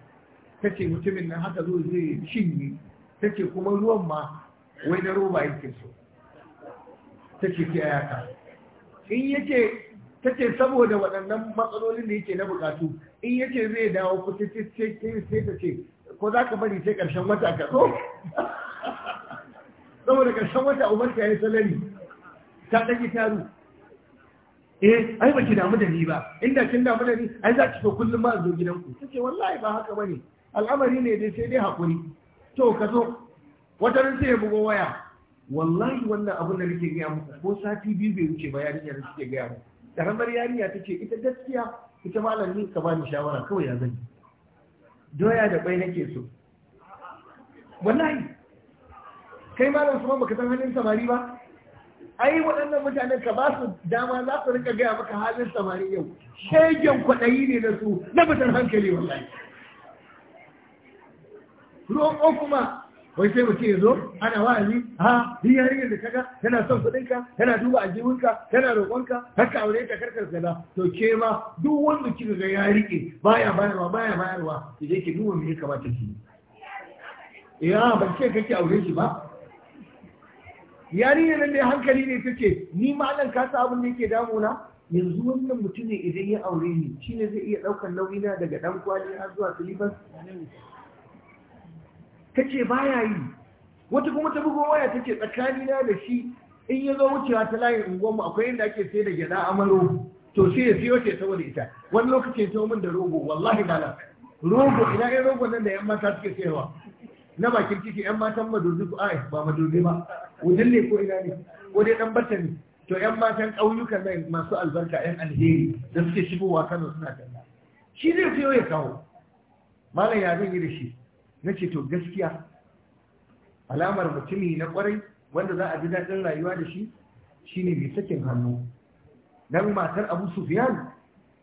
Speaker 3: Ta ce mutumin nan haka zo zai Ta ce kuma ruwan ma wai na roba yake so tace ke yaka in yake ta ce saboda waɗannan matsalolin da yake na bukatu in yake zai dawo kusa sai ta ce ko za ka bari sai ƙarshen wata ka so saboda ƙarshen wata umarta ya yi salari ta ɗage taru eh ai ba ki damu da ni ba inda kin damu da ni ai za ki so kullum ma zo gidanku ta ce wallahi ba haka ba ne. al'amari ne dai sai dai haƙuri. to ka zo wata rin sai ya bugo waya wallahi wannan abun da nake gaya muku ko sati biyu bai wuce ba yarinyar da suke gaya muku karamar yarinya ta ce ita gaskiya ita malamin ka ni shawara kawai ya zai doya da bai nake so wallahi kai malam su baka san halin samari ba ai waɗannan mutanen ka ba su dama za su rika gaya maka halin samari yau shegen kwaɗayi ne na su na fitar hankali wallahi ruwan kuma wai sai mutum ya zo ana wa'azi ha ni yarinyar da kaga tana son ka? tana duba ka? tana ka? har ka aure ta karkar gaza to ke ma duk wanda kika ga ya rike baya bayarwa baya bayarwa ki je ki duba me ya kamata ki
Speaker 4: ya ba ce kake aure
Speaker 3: shi ba yarinyar nan ne hankali ne take ni ma nan ka sa abin da yake na? yanzu wannan mutum ne idan ya aure ni shi ne zai iya ɗaukar nauyi na daga dan kwali har zuwa silifas ta ce ba ya yi wata kuma ta bugo waya ta ce tsakanina da shi in ya zo wucewa ta layin unguwanmu akwai inda ake sai da gyada amaro to sai ya siyo ce saboda ita wani lokacin ta min da rogo wallahi bala rogo ina yan rogo nan da yan mata suke sayarwa na bakin ciki yan matan madurdi ko ai ba madurdi ba wudin ne ko ina ne ko dai dan barta ne to yan matan ƙauyuka nan masu albarka yan alheri da suke shigowa Kano suna kalla shi zai siyo ya kawo malam ya zan yi da shi na ce to gaskiya alamar mutumi na kwarai wanda za a ji daɗin rayuwa da shi shine mai sakin hannu dan matar abu sufiyan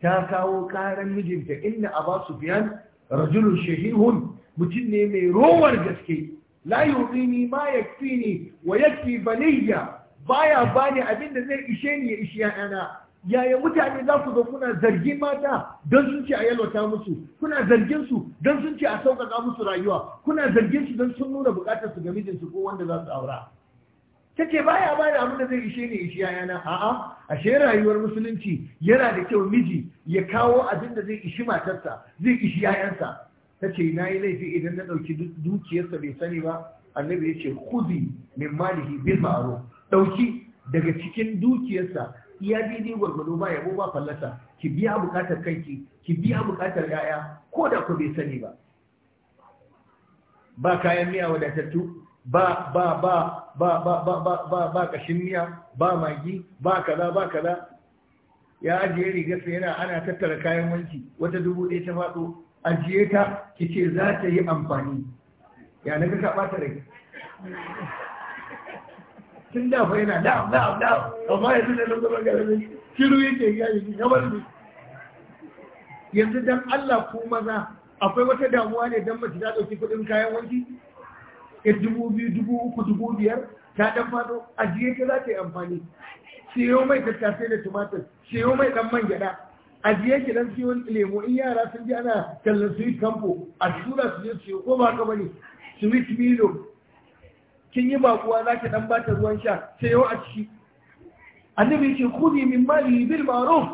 Speaker 3: ta kawo karan mijinta inna abu sufiyan rajulun shahihun mutum ne mai rowar gaske la ni ma ya fi ni wa fi baliya baya bani abin da zai ishe ni ya ishe yana yaya mutane za ku zo kuna zargin mata don sun ce a yalwata musu kuna zargin su don sun ce a sauƙaƙa musu rayuwa kuna zargin su don sun nuna buƙatar su ga mijinsu ko wanda za su aura ta ce baya ba abin da zai ishe ni ishe yana a'a ashe rayuwar musulunci yana da kyau miji ya kawo abin da zai ishi matarsa zai ishi yayansa ta ce na yi laifi idan na ɗauki dukiyarsa bai sani ba annabi ya ce kuzi min malihi bil ma'ruf ɗauki daga cikin dukiyarsa iya daidai gwargwado ba yabo ba fallasa ki biya bukatar kanki ki biya bukatar yaya ko da ku bai sani ba ba kayan miya wadatattu ba ba ba ba ba ba ba ba ba kashin miya ba magi ba kaza ba kaza ya ajiye rigar yana ana tattara kayan wanki wata dubu ɗaya ta faɗo ajiye ta kice za ta yi amfani ya na ka ɓata rai tun da fa yana da da da amma yanzu da nan gaba garabe shiru yake ya yi ya wani yanzu dan Allah ku maza akwai wata damuwa ne dan mace ta dauki kudin kayan wanki ya dubu biyu dubu uku dubu biyar ta dan fado ajiye ta za ta yi amfani siyo mai tattasai da tumatir siyo mai dan man gyada ajiye ki dan siyo lemo in yara sun ji ana kallon sweet campo a tura su je siyo ko ba ka bane sweet milo kin yi bakuwa za ki dan bata ruwan sha sai yau a ciki annabi ce kudi min mali bil ma'ruf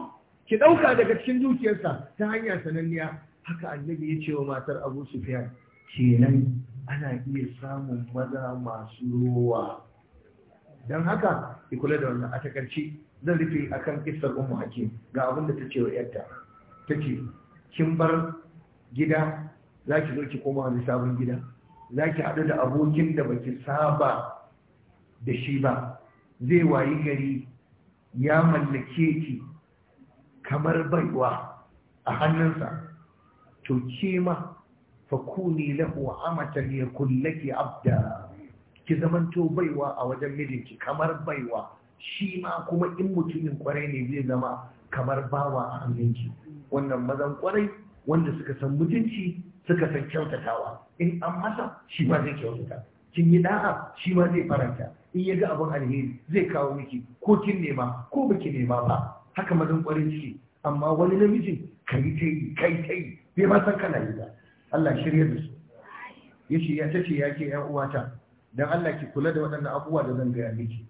Speaker 3: ki dauka daga cikin dukiyarsa ta hanya sananniya haka annabi ya ce wa matar Abu Sufyan kenan ana iya samun maza masu ruwa don haka ki kula da wannan a takarci zan rufe akan kissar ummu hakim ga abin da ta wa yarta tace kin bar gida za ki zo ki koma wani sabon gida za ki haɗu da abokin da baki saba da shi ba zai wayi gari ya mallake ki kamar baiwa a hannunsa to kima fakuni lahu amatan yakun kullaki abda ki zamanto baiwa a wajen mijinki kamar baiwa shi ma kuma in mutumin kwarai ne zai zama kamar bawa a hannunki wannan mazan kwarai wanda suka san mutunci suka san kyautatawa in an masa shi ba zai ka. kin yi da'a shi ma zai faranta in ya ga abin alheri zai kawo miki ko kin nema ko baki nema ba haka mazan kwarin ciki amma wani namiji kai ta yi kai ta yi bai ma san kana yi ba Allah shirya da su ce ya tace ya ke yan uwata dan Allah ki kula da waɗannan abubuwa da zan gaya miki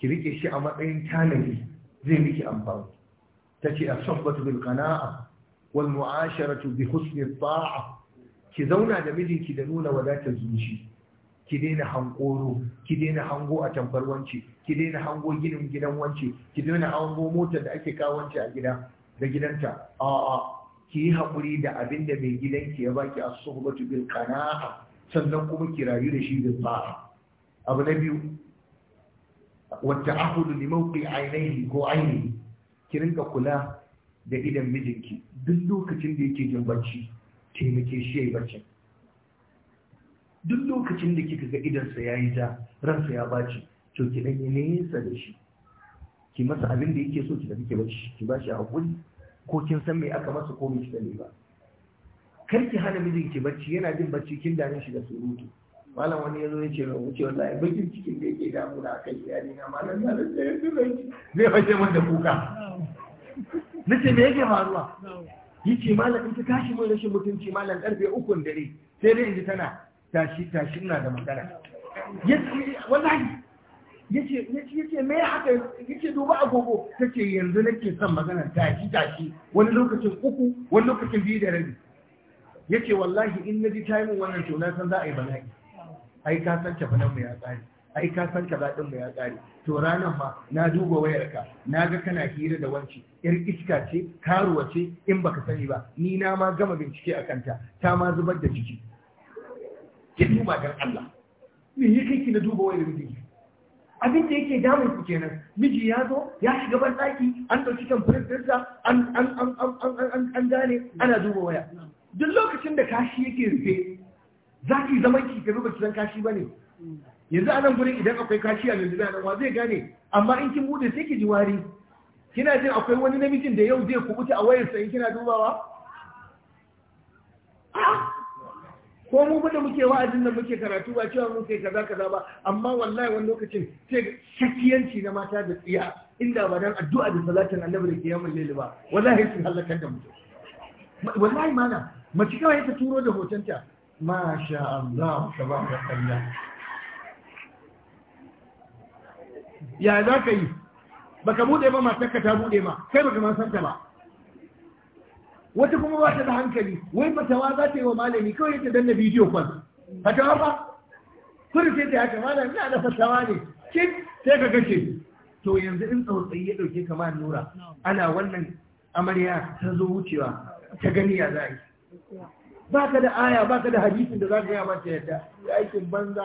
Speaker 3: ki rike shi a matsayin tanadi zai miki amfani tace as-sohbatu bil qana'a wal mu'asharatu bi husni at-ta'a ki zauna da mijinki da nuna wadatar zuci ki daina hankoro ki daina hango a tamfar wance ki daina hango ginin gidan wance ki daina hango motar da ake kawo wance a gida da gidanta a'a ki yi haƙuri da abin da mai gidanki ya baki a suhbatu bil qana'a sannan kuma ki rayu da shi bil sa'a abu na biyu wata ahudu li mawqi aynayhi ko ainihi ki rinka kula da idan mijinki duk lokacin da yake jin bacci taimake shi ya yi barcin duk lokacin da kika ga idansa ya yi ja ransa ya baci to ki dan yi nesa da shi ki masa abin da yake so ki tafi ki bashi ki bashi hakuri ko kin san me aka masa ko me kika ne ba kar ki hana mijin ki bacci yana jin bacci kin dane shi da surutu malam wani yazo ya ce min wuce wallahi bakin cikin da yake damu na kai iyali na malam ya rasa zai fashe min da kuka nace me yake faruwa yace malam in ka tashi mun rashin mutunci malam karfe ukun dare sai dai inji tana tashi tashi ina da magana yace wallahi yace yace me haka yace duba agogo tace yanzu nake son magana tashi tashi wani lokacin uku wani lokacin biyu da rabi yace wallahi in naji timing wannan to na san za a yi bala'i ai ka san tafanan mu ya tsari ai ka san kaza din mu ya tsare to ranar ma na duba wayarka na ga kana hira da wanci yar iska ce karuwa ce in baka sani ba ni na ma gama bincike a kanta ta ma zubar da ciki ki duba dan Allah me yake ki na duba wayar miji abin da yake damun ku kenan miji ya zo ya shiga ban daki an dauki kan printinsa an an an an an gane ana duba waya duk lokacin da kashi yake rufe za ki ki ka kisan kashi bane yanzu a nan gurin idan akwai kashi a lulluɓe wa zai gane amma in kin bude sai ki ji wari kina jin akwai wani namijin da yau zai kubuta a sa in kina dubawa ko mu bude muke wa'azin da muke karatu ba cewa mun kai kaza kaza ba amma wallahi wani lokacin sai shakiyanci na mata da tsiya inda ba dan addu'a da salatin annabi da kiyamul layl ba wallahi sun halakar da mutum wallahi mana mace kawai ta turo da hotonta masha Allah tabaraka Allah ya za ka yi baka buɗe ba matarka ta buɗe ma kai baka ma santa ba wata kuma ba ta da hankali wai fatawa za ta yi wa malami kawai ta danna bidiyo kwan ta ba kudu sai ta haka malami na da fatawa ne cin sai ka gashe to yanzu in tsautsayi ya ɗauke kama nura ana wannan amarya ta zo wucewa ta gani ya za ba ka da aya ba ka da hadisin da za ka yi mata yadda aikin banza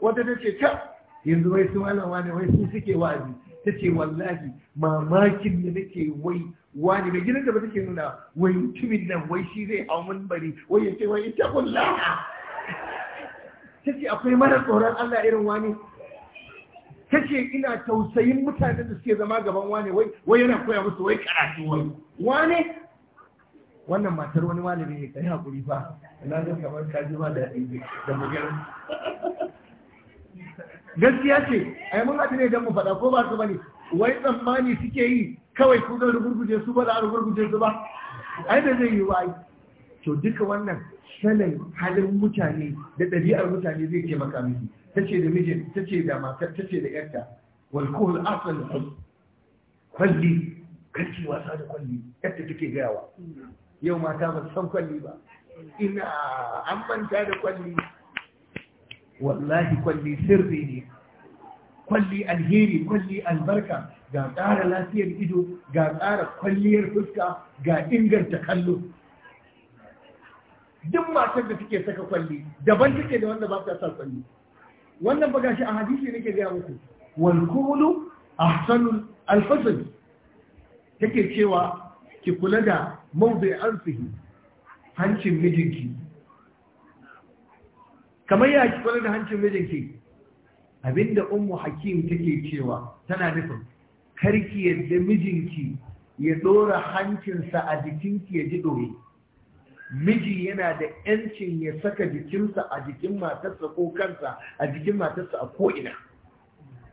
Speaker 3: wata ta ce ta yanzu wai su malama wani wai su suke wa'azi ta ce wallahi mamakin da nake wai wani mai gidan da ba take nuna wai mutumin nan wai shi zai hau mun bari wai ya ce wai ita kullaha ta ce akwai mara tsoron Allah irin wani ta ce ina tausayin mutanen da suke zama gaban wani wai wai yana koya musu wai karatu wai wani wannan matar wani malami ne kai hakuri fa na ga kamar kaji ma da da magana gaskiya ce ai mun ne don mu faɗa ko ba su bane wai tsammani suke yi kawai ku zan rugurguje su ba za a rugurguje su ba ai da zai yi wa ai to duka wannan sanin halin mutane da ɗabi'ar mutane zai ke maka miki ce da mijin ce da matar ce da yarta wal kuhul asal
Speaker 4: kwalli
Speaker 3: karki wasa da kwalli yarta take gayawa yau mata ba san kwalli ba ina an manta da kwalli wallahi kwalli sirri ne kwalli alheri kwalli albarka ga ƙara lafiyar ido ga ƙara kwalliyar fuska ga inganta kallo duk matar da suke saka kwalli daban take da wanda ba ta sa kwalli wannan ba gashi a hadisi nake gaya muku wal kulu ahsanul alhusn take cewa ki kula da mawdi'an fihi hancin mijinki kamar ya ki kwanar da hancin mijinki abinda ummu hakim take cewa tana nufin karki yadda mijinki ya dora hancinsa a jikinki ya ji doye miji yana da yancin ya saka jikinsa a jikin matarsa ko kansa a jikin matarsa a ko'ina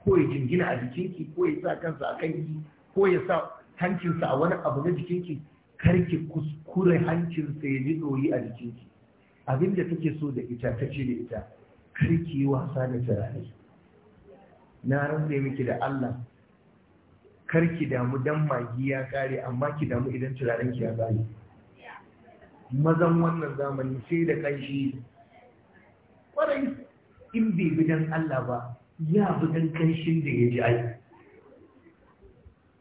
Speaker 3: ko ya jingina a jikinki ko ya sa kansa a kanki ko ya sa hancinsa a wani abu na jikinki karki kuskure hancinsa ya ji ɗoyi a jikinki abin da take so da ita ta ce da ita kar yi wasa da turare na rantsa miki da Allah karki damu dan magi ya kare amma ki damu idan turaren ki ya kare mazan wannan zamani sai da kanshi kwarai in bai bi Allah ba ya bi dan kanshin da ya ji ai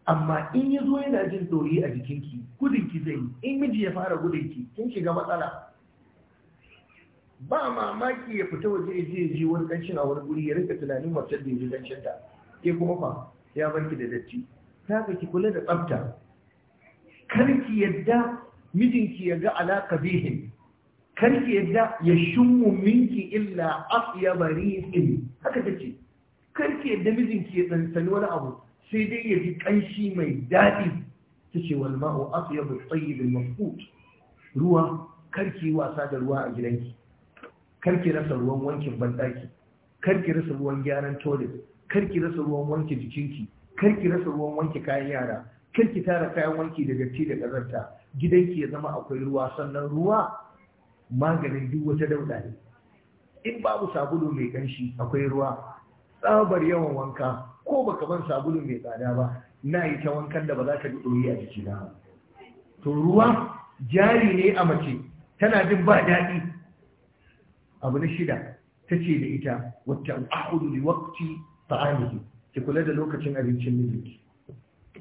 Speaker 3: amma in yi zo yana jin tsori a jikinki gudunki zai yi in miji ya fara gudunki kin shiga matsala ba mamaki ya fita waje ya je ji wani kanshin a wani guri ya rinka tunanin wacce da ya ji ta ke kuma fa ya barki da datti ta ka ki kula da tsafta kar ki yadda mijinki ya ga alaka bihin kar ki yadda ya shummu minki illa atyaba in haka tace kar ki yadda mijinki ya tsantsani wani abu sai dai ya ji kanshi mai daɗi tace wal ma'u atyabu tayyib al mafqut ruwa ki wasa da ruwa a gidanki karki rasa ruwan wankin banɗaki karki rasa ruwan gyaran toilet karki rasa ruwan wanke jikinki karki rasa ruwan wanke kayan yara karki tara kayan wanki da datti da ƙazarta gidanki ya zama akwai ruwa sannan ruwa maganin duk wata dauda ne in babu sabulu mai kanshi, akwai ruwa tsabar yawan wanka ko baka ban sabulu mai tsada ba na yi ta wankan da ba za ka ji ɗoyi a jiki jikina to ruwa jari ne a mace tana jin ba daɗi abu na shida ta ce da ita wata ahudu li ta ainihi ki kula da lokacin abincin mijinki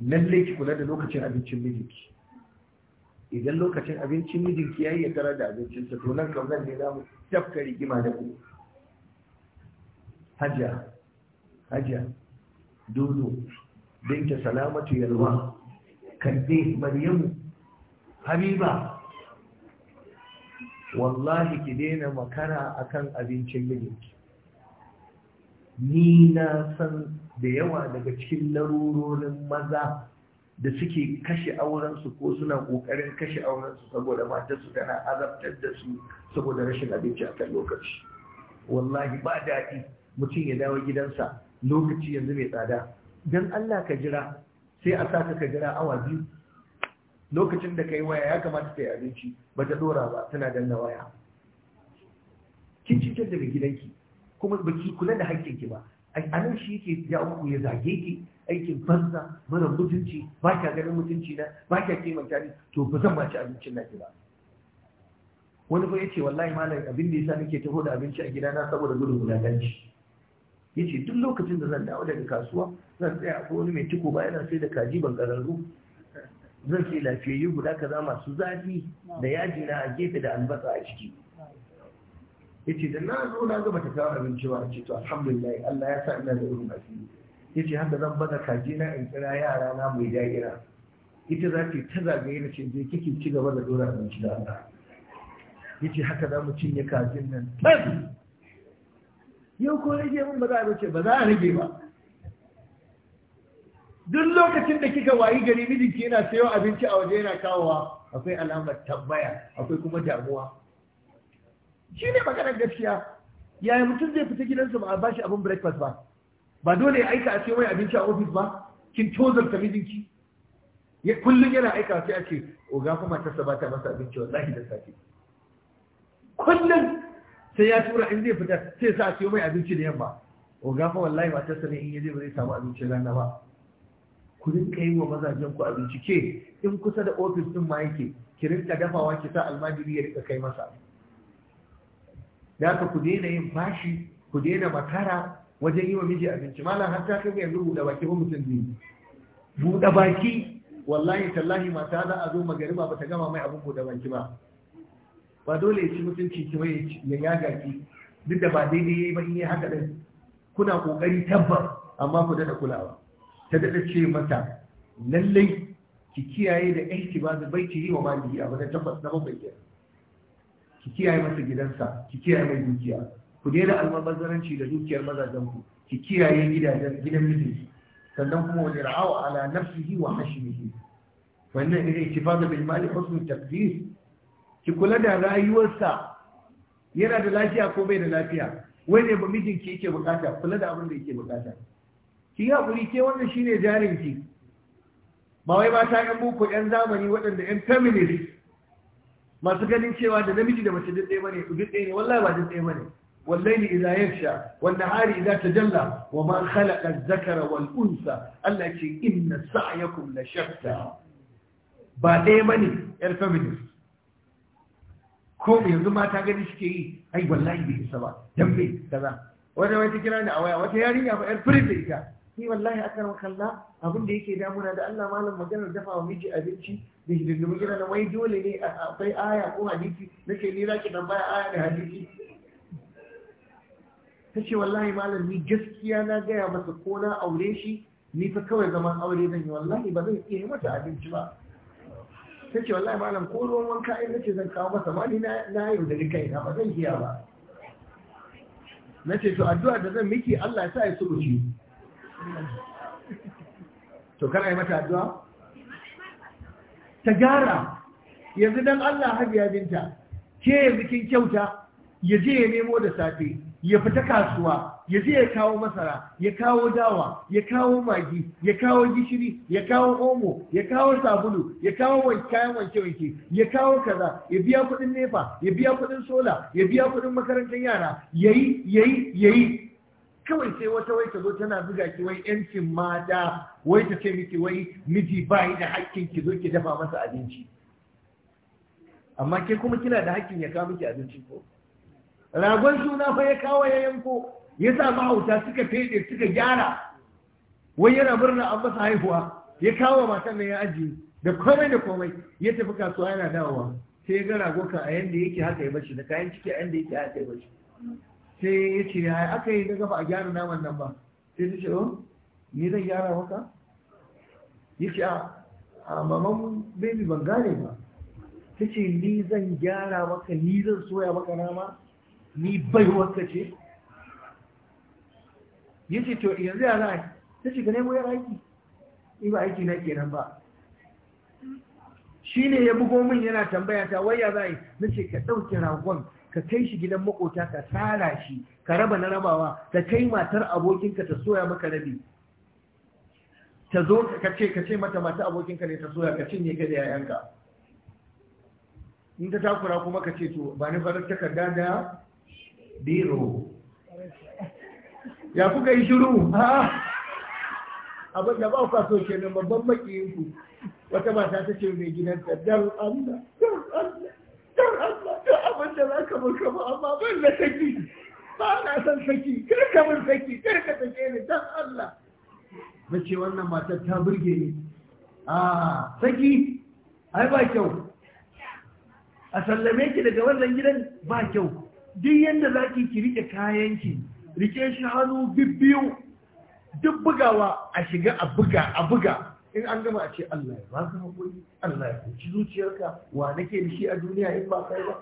Speaker 3: lalle ki kula da lokacin abincin mijinki idan lokacin abincin mijinki yi ya tara da abincin sa to nan kam zan ne tafka rigima da ku hajja hajja dodo binta salamatu yalwa kande maryamu habiba wallahi ki daina makara akan abincin mijinki ni na san da yawa daga cikin larurorin maza da suke kashe aurensu ko suna ƙoƙarin kashe aurensu saboda su tana azabtar da su saboda rashin abinci akan lokaci wallahi ba daɗi mutum ya dawo gidansa lokaci yanzu mai tsada don Allah ka jira sai a saka ka jira awa biyu lokacin da ka yi waya ya kamata ta yi abinci ba ta dora ba tana danna waya kin cikin daga gidanki kuma ba ki kula da haƙƙinki ba a nan shi yake ya uku ya zage ki aikin banza mara mutunci ba kya ganin mutunci na ba kya kimanta ni to ba zan ba ci abincin naki ba wani ba yace wallahi malam abin da yasa nake taho da abinci a gidana saboda gudun Ya yace duk lokacin da zan dawo daga kasuwa zan tsaya ko wani mai tuko ba yana sai da kaji ban kararru zan ce yi guda kaza masu zafi da yaji na a gefe da albasa a ciki ce da na zo na gaba ta kawo abinci ba ce to alhamdulillah Allah ya sa ina da irin asiri har haka zan bada kaji na in kira yara na mai jagira ita za ta ta zagaye na ce zai kike ci gaba da dora abinci da Allah ce haka za mu cinye kajin nan yau ko rage mun ba za a rage ba za a rage ba duk lokacin da kika wayi gari mijinki yana sayo abinci a waje yana kawowa akwai alamar tambaya akwai kuma damuwa shi ne maganar gaskiya yaya mutum zai fita gidansa ba a bashi abin breakfast ba ba dole ya aika a ce mai abinci a ofis ba kin ta mijinki ya kullum yana aika sai a ce oga kuma ta ba ta masa abinci wa, zahi da safe kullum sai ya tura in zai fita sai sa a ce mai abinci da yamma oga fa wallahi matarsa ne in yaje ba zai samu abinci rana ba ku rinka yi wa mazajen ku a bincike in kusa da ofis din ma yake ki rinka dafawa ki sa almajiri ya rinka kai masa da ku daina yin bashi ku daina makara wajen yi wa miji abinci malam har ta kai yanzu buɗe baki ba mutum biyu buɗe baki wallahi tallahi mata za a zo magariba ba ta gama mai abin buɗe baki ba ba dole ya ci mutunci ki mai ya yaga ki duk da ba daidai yi ba in yi haka din kuna kokari tabbas amma ku daina kulawa ta daɗa ce mata lallai ki kiyaye da ki ba da bai yi wa maliki a wajen tabbas na bakwai ke ki kiyaye masa gidansa ki kiyaye mai dukiya ku daina almabazzaranci da dukiyar mazajen ku ki kiyaye gidajen gidan mijinki sannan kuma wani ra'awa ala nafsihi wa hashimihi wannan ne ittifaqa bil mali husnul taqdir ki kula da rayuwarsa yana da lafiya ko bai da lafiya wai ne ba mijinki yake bukata kula da abin da yake bukata ki haƙuri ke wannan shine jarinki ba wai mata yan boko yan zamani waɗanda yan feminist masu ganin cewa da namiji da mace duk ɗaya bane duk ɗaya ne wallahi ba duk ɗaya bane wallahi idza yafsha wan nahari idza tajalla wa ma khalaqa adh-dhakara wal unsa Allah ce inna sa'yakum la shatta ba ɗaya bane yar feminist ko yanzu mata gani suke yi ai wallahi bai isa ba dan me kaza wata wata kira ni a waya wata yarinya ba yar firin ita ni wallahi akan kalla abin da yake damuna da Allah malam maganar dafa wa miji abinci da hidindimu gida na wai dole ne akwai aya ko hadisi nake ni zaki baya aya da hadisi kace wallahi malam ni gaskiya na gaya masa ko na aure shi ni fa kawai zaman aure zan yi wallahi ba zan iya mata abinci ba kace wallahi malam ko ruwan wanka in nace zan kawo masa mali na na yau da kai na ba zan iya ba nace to addu'a da zan miki Allah ya sa ya shi to kana yi mata addu'a ta gyara yanzu dan Allah hajiya binta ke yanzu kin kyauta ya je ya nemo da safe ya fita kasuwa ya je ya kawo masara ya kawo dawa ya kawo magi ya kawo gishiri ya kawo omo ya kawo sabulu ya kawo kayan wanke wanke ya kawo kaza ya biya kudin nefa ya biya kudin sola ya biya kudin makarantar yara yayi yayi yayi kawai sai wata wai ta zo tana buga ki wai yancin mata wai ta ce miki wai miji bai da hakkin ki zo ki dafa masa abinci amma ke kuma kina da hakkin ya kawo miki abinci ko ragon suna fa ya kawo ya yanko ya sa mahauta suka fede suka gyara wai yana murna an masa haihuwa ya kawo matan nan ya ajiye da komai da komai ya tafi kasuwa yana dawowa sai ya ga ragon ka a yanda yake haka ya bashi da kayan ciki a yanda yake haka ya bashi sai ya ce ya aka yi daga ba a gyara naman nan ba sai ta ce o oh, ni zai gyara maka ya ce a maman baby ban gane ba ta ce ni zan gyara maka ni zan soya maka nama ni bai wanka ce ya ce to yanzu ya za ta ce ka nemo yar aiki ni ba aiki na kenan ba shi ne ya bugo min yana tambaya ta wai ya za yi na ce ka ɗauke ragon ka kai shi gidan makota ka tsara shi ka raba na rabawa ka kai matar abokinka ta soya maka rabi ta zo ka ce ka ce mata mata abokinka ne ta soya ka cinye ka da yayanka in ta takura kuma ka ce to ba ni farar takarda da biro ya kuka yi shiru abin da ba ku so kenan babban makiyinku wata mata ta ce mai gidanta dan Allah dan Allah don Allah don abin da za ka muka ba amma ban da saki ba na son saki kar ka min saki kar ka sake ni don Allah na ce wannan matar ta burge ni a saki ai ba kyau a sallame ki daga wannan gidan ba kyau duk yadda za ki ki rike kayanki rike shi hannu bibbiyu duk bugawa a shiga a buga a buga in an gama a ce Allah ya baka hakuri Allah ya kunci zuciyarka wa nake da shi a duniya in ba kai ba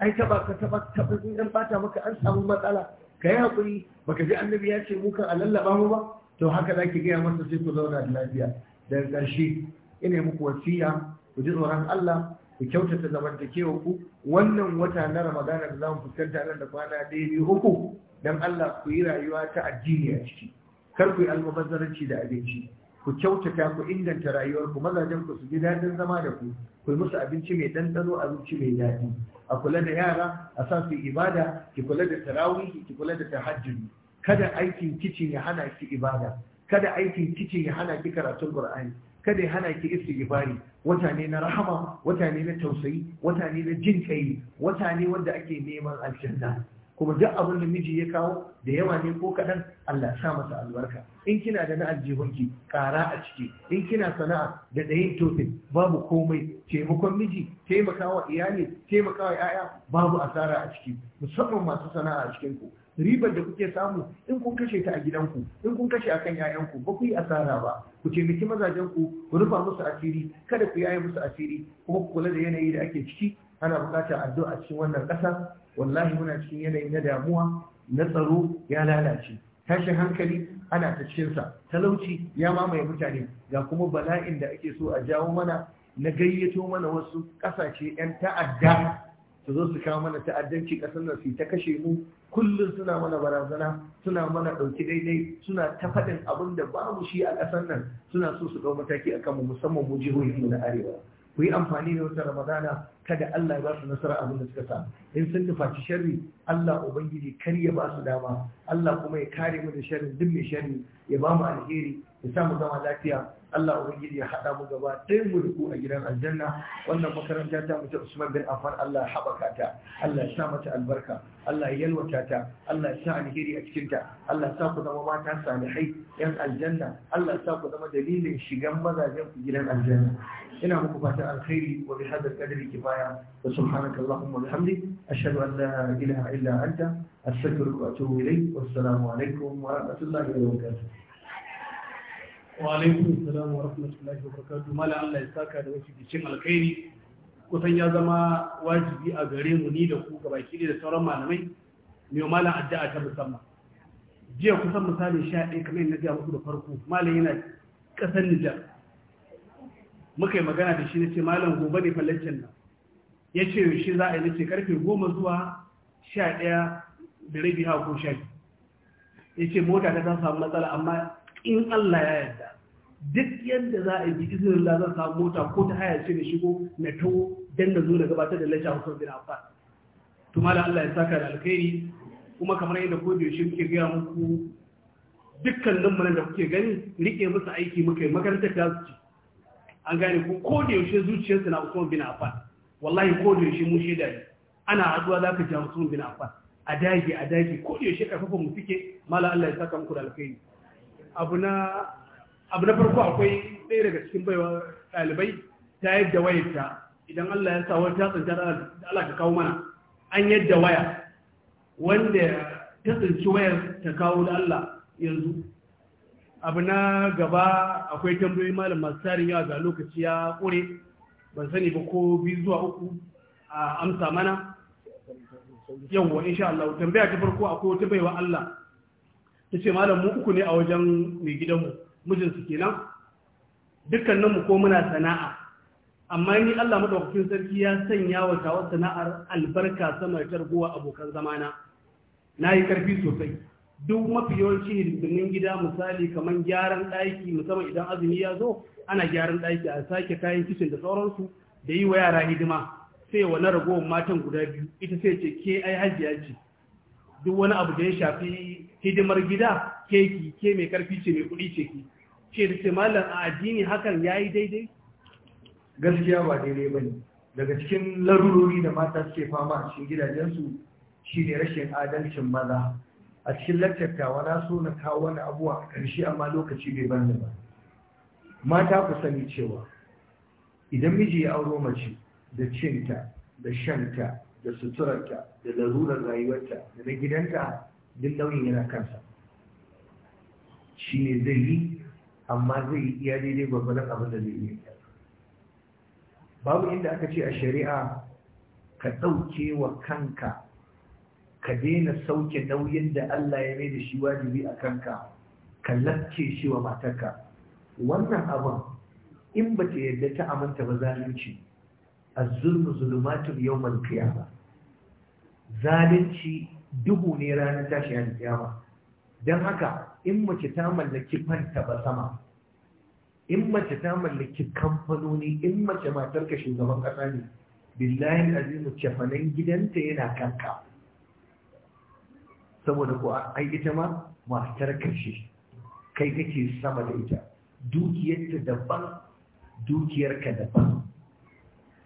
Speaker 3: ai taba ka taba taba in an bata maka an samu matsala yi hakuri baka ji annabi ya ce mu kan alallaba mu ba to haka zaki gaya masa sai ku zauna da lafiya daga ƙarshe ina muku wasiya ku ji tsoron Allah ku kyautata zamantakewa ku wannan wata na Ramadana da zamu fuskanta nan da kwana ɗaya biyu uku dan Allah ku yi rayuwa ta addini a ciki kar ku yi almubazzaranci da abinci ku kyautata ku inganta rayuwarku mazajen ku su ji daɗin zama da ku ku yi musu abinci mai ɗanɗano abinci mai daɗi a kula da yara a sa su ibada ki kula da tarawihi ki kula da tahajjiri. kada aikin kicin ya hana ki ibada kada aikin kicin ya hana ki karatun qur'ani kada ya hana ki istighfari wata ne na rahama wata ne na tausayi wata ne na jin kai wata ne wanda ake neman aljanna kuma duk abin da miji ya kawo da yawa ne ko kaɗan Allah sa masa albarka in kina da na aljihunki ƙara a ciki in kina sana'a da ɗayin tofin babu komai taimakon miji taimakawa iyali taimakawa yaya babu asara a ciki musamman masu sana'a a cikin ku ribar da kuke samu in kun kashe ta a gidanku in kun kashe akan yayanku ba ku yi asara ba ku taimaki mazajen ku ku rufa musu asiri kada ku yaye musu asiri kuma ku kula da yanayi da ake ciki ana buƙatar addu'a cikin wannan ƙasa wallahi muna cikin yanayi na damuwa na tsaro ya lalace tashin hankali ana ta cikinsa talauci ya mamaye mutane ga kuma bala'in da ake so a jawo mana na gayyato mana wasu ƙasashe 'yan ta'adda su zo su kawo mana ta'addanci ƙasar nan su ta kashe mu kullum suna mana barazana suna mana ɗauki daidai suna ta faɗin abin da babu shi a ƙasar nan suna so su ɗau mataki a kanmu musamman mu jihohi na arewa ku yi amfani da wata ramadana kada Allah ya ba su nasara abin da suka samu in sun nufaci sharri Allah ubangiji kar ya ba su dama Allah kuma ya kare mu da sharri duk mai sharri ya ba mu alheri ya mu zama lafiya Allah ubangiji ya haɗa mu gaba ɗaya mu duku a gidan aljanna wannan makaranta ta mu Usman bin Affan Allah ya haɓaka ta Allah ya sa mata albarka Allah ya yalwata ta Allah ya sa alheri a cikin ta Allah ya sa ku zama mata salihai yan aljanna Allah ya sa ku zama dalilin shigan mazajen ku gidan aljanna ina muku fatan alkhairi wa bi hadal qadri kifaya wa subhanaka allahumma wa bihamdik ashhadu an la ilaha illa anta astaghfiruka wa atubu ilayk wassalamu alaikum wa
Speaker 1: rahmatullahi wa barakatuh wa alaikum salam wa rahmatullahi wa barakatuh mala Allah ya saka da wasu cikin alkhairi kusan ya zama wajibi a gare mu ni da ku baki da sauran malamai mai malam addu'a ta musamman jiya kusan misali sha ɗaya kamar na ya muku da farko malam yana ƙasar Nijar muka yi magana da shi na ce malam gobe ne fallacin nan ya ce shi za a yi nace karfe goma zuwa sha ɗaya da rabi ha ko sha biyu ya ce mota ta ta samu matsala amma in Allah ya yarda duk yadda za a yi izinin la zan samu mota ko ta haya ce da shigo na tawo dan da zo da gabatar da lacca Usman bin Affan to malam Allah ya saka da alkhairi kuma kamar yadda ko da yaushe muke gaya muku dukkan nan da kuke gani rike musu aiki muka yi makarantar ta su ci an gane ko ko da yaushe zuciyarsa na Usman bin Affan wallahi ko da yaushe mu shaida ne ana haduwa za ka ji Usman bin Affan a dage a dage ko da yaushe karfafa mu suke malam Allah ya saka muku da alkhairi abu na abu na farko akwai ɗaya daga cikin baiwa ɗalibai ta yadda wayarta idan Allah ya sa wani ta tsinci da Allah ka kawo mana an yadda waya wanda ta tsinci wayar ta kawo da Allah yanzu abu na gaba akwai tambayoyi malam masu tarin yawa ga lokaci ya ƙure ban sani ba ko biyu zuwa uku a amsa mana yawwa insha Allah tambaya ta farko akwai wata baiwa Allah ta ce malam mu uku ne a wajen mai gidanmu mijinsu kenan nan? mu ko muna sana'a amma ni Allah madaukakin sarki ya sanya wa tawa sana'ar albarka sama da targuwa abokan zamana na yi karfi sosai duk mafi yawanci hidimin gida misali kamar gyaran ɗaki musamman idan azumi ya zo ana gyaran ɗaki a sake kayan kicin da sauransu da yi wa yara hidima sai wani ragowar matan guda biyu ita sai ce ke ai hajiya ce duk wani abu da ya shafi hidimar gida keki ke mai karfi ce mai kuɗi ce ki ce da a addini hakan ya yi daidai
Speaker 3: gaskiya ba daidai ba ne daga cikin larurori da mata suke fama a cikin gidajensu shi ne rashin adalcin maza a cikin lattattawa na so na kawo wani abuwa, a ƙarshe amma lokaci bai ban ba mata ku sani cewa idan miji ya auro mace da cinta da shanta da suturarta da larurar rayuwarta da na gidanta duk nauyin yana kansa shi ne zai yi amma zai yi iya daidai gwagwalar abin da zai iya babu inda aka ce a shari'a ka ɗauke wa kanka ka daina sauke nauyin da Allah ya mai da shi wajibi a kanka ka lafce shi wa matarka wannan abin in ba ta yadda ta aminta ba zalunci a zulmu zulumatun yau malkiya ba. zalunci duhu ne ranar tashi alkiyama don haka in mace ta mallaki fanta ba sama in mace ta mallaki kamfanoni in mace matar ka shugaban kasa ne billahi azimu cefanen gidanta yana kanka saboda ko ai ita ma matar karshe kai kake sama da ita dukiyarta daban dukiyarka daban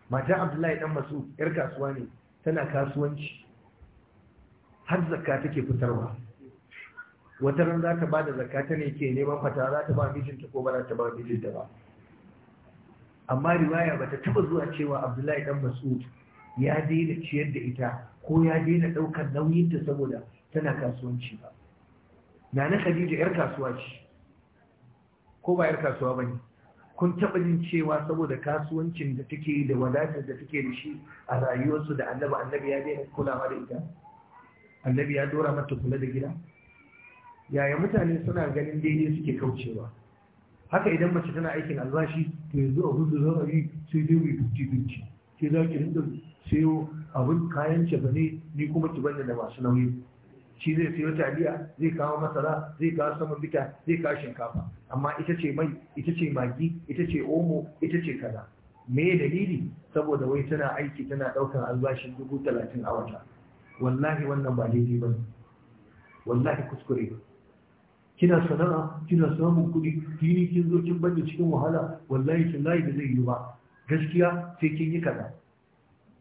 Speaker 3: mata abdullahi dan masu yar kasuwa ne tana kasuwanci har zakka take fitarwa wata ran za ta ba da zakata ne ke neman fata za ta ba mijinta ko ba za ta ba mijinta ba amma riwaya ba ta taba zuwa cewa abdullahi dan masud ya daina ciyar da ita ko ya daina nauyin nauyinta saboda tana kasuwanci ba Na na khadija yar kasuwa ce ko ba yar kasuwa ba ne kun taba jin cewa saboda kasuwancin da take da wadatar da take da shi a rayuwarsu da annabi annabi ya daina kulawa da ita annabi ya dora mata kula da gida yaya mutane suna ganin daidai suke kaucewa haka idan mace tana aikin albashi to yanzu a hudu za a yi sai dai mai dubci dubci sai za ki rinda sayo abin kayan ce ne ni kuma ki banda da masu nauyi shi zai sayo taliya zai kawo masara zai kawo saman bita zai kawo shinkafa amma ita ce mai ita ce magi ita ce omo ita ce kaza me dalili saboda wai tana aiki tana ɗaukar albashin dubu talatin a wata wallahi wannan ba daidai ba wallahi kuskure kina sana'a kina samun kuɗi kini kin zo kin bani cikin wahala wallahi tallahi da zai yi ba gaskiya sai kin yi kaza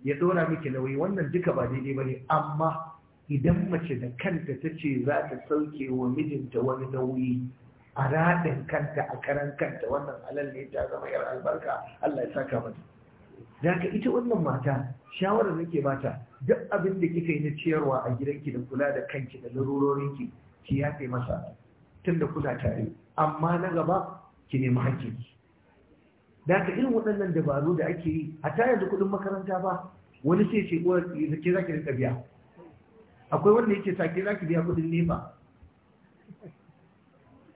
Speaker 3: ya dora miki nauyi wannan duka ba daidai ba ne. amma idan mace da kanta ta ce za ta sauke wa mijinta wani nauyi a raɗin kanta a karan kanta wannan halal ne ta zama yar albarka Allah ya saka mata ka ita wannan mata shawarar nake bata duk abin da kika yi na ciyarwa a gidanki da kula da kanki da larurorinki ki yafe masa tunda kuna tare amma na gaba ki nemi hakkin da ka irin waɗannan dabaru da ake yi a tayar da kuɗin makaranta ba wani sai ce uwar ke za ki rika biya akwai wanda yake sa za ki biya kuɗin nefa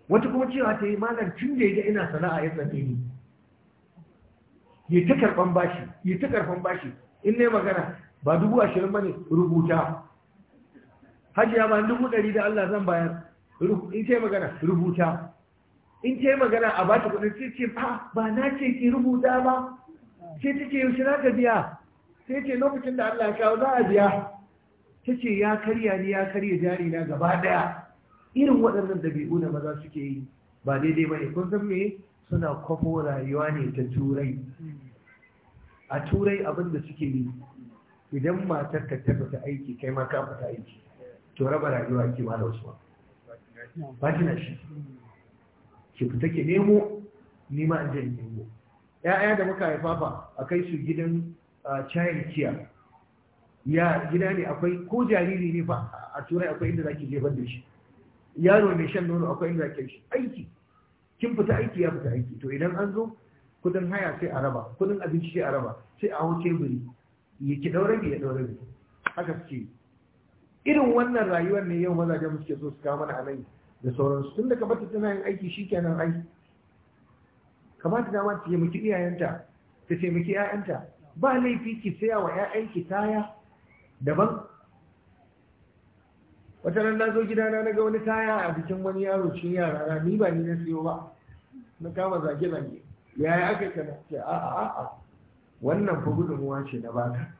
Speaker 3: wata kuma cewa ta yi malam tun da ya ina sana'a ya tsaye ni ya ta karɓan bashi ya ta karɓan bashi in ne magana ba dubu ashirin ba ne rubuta hajiya ba dubu ɗari da Allah zan bayar in ce magana rubuta in ce magana a ba ta kudin ce ba ah, ba na ce ki rubuta ba ce ta ce yaushe za ka biya ce ce lokacin da Allah ya kawo za a biya ta ce ya karya ni ya karya jari na gaba daya irin waɗannan ɗabi'u da maza suke yi ba daidai ba ne kun san me suna kwafo rayuwa ne ta turai a turai abin da suke yi idan matar ka ta aiki kai ma ka fita aiki to raba rayuwa ke ma da wasu ba kina shi Ke fita ke nemo ni ma in je nemo Ya'ya da muka haifa fa a kai su gidan child care ya gida ne akwai ko jariri ne fa a turai akwai inda zaki jefar da shi yaro mai shan nono akwai inda zaki shi aiki kin fita aiki ya fita aiki to idan an zo kudin haya sai a raba kudin abinci sai a raba sai a hau teburi ya ki daure ya daure haka suke irin wannan rayuwar ne yau mazajen suke so su kawo mana a nan da sauransu tun da ka bata tana yin aiki shi kenan ai kamata dama ta taimaki iyayenta ta taimaki 'ya'yanta ba laifi ki saya wa 'ya'yanki taya daban wata nan na zo gidana na ga wani taya a bikin wani yaro shi yara na ni ba ni na siyo ba na kama zage zage yaya aka kana ce a a a wannan fa gudunmuwa ce na baka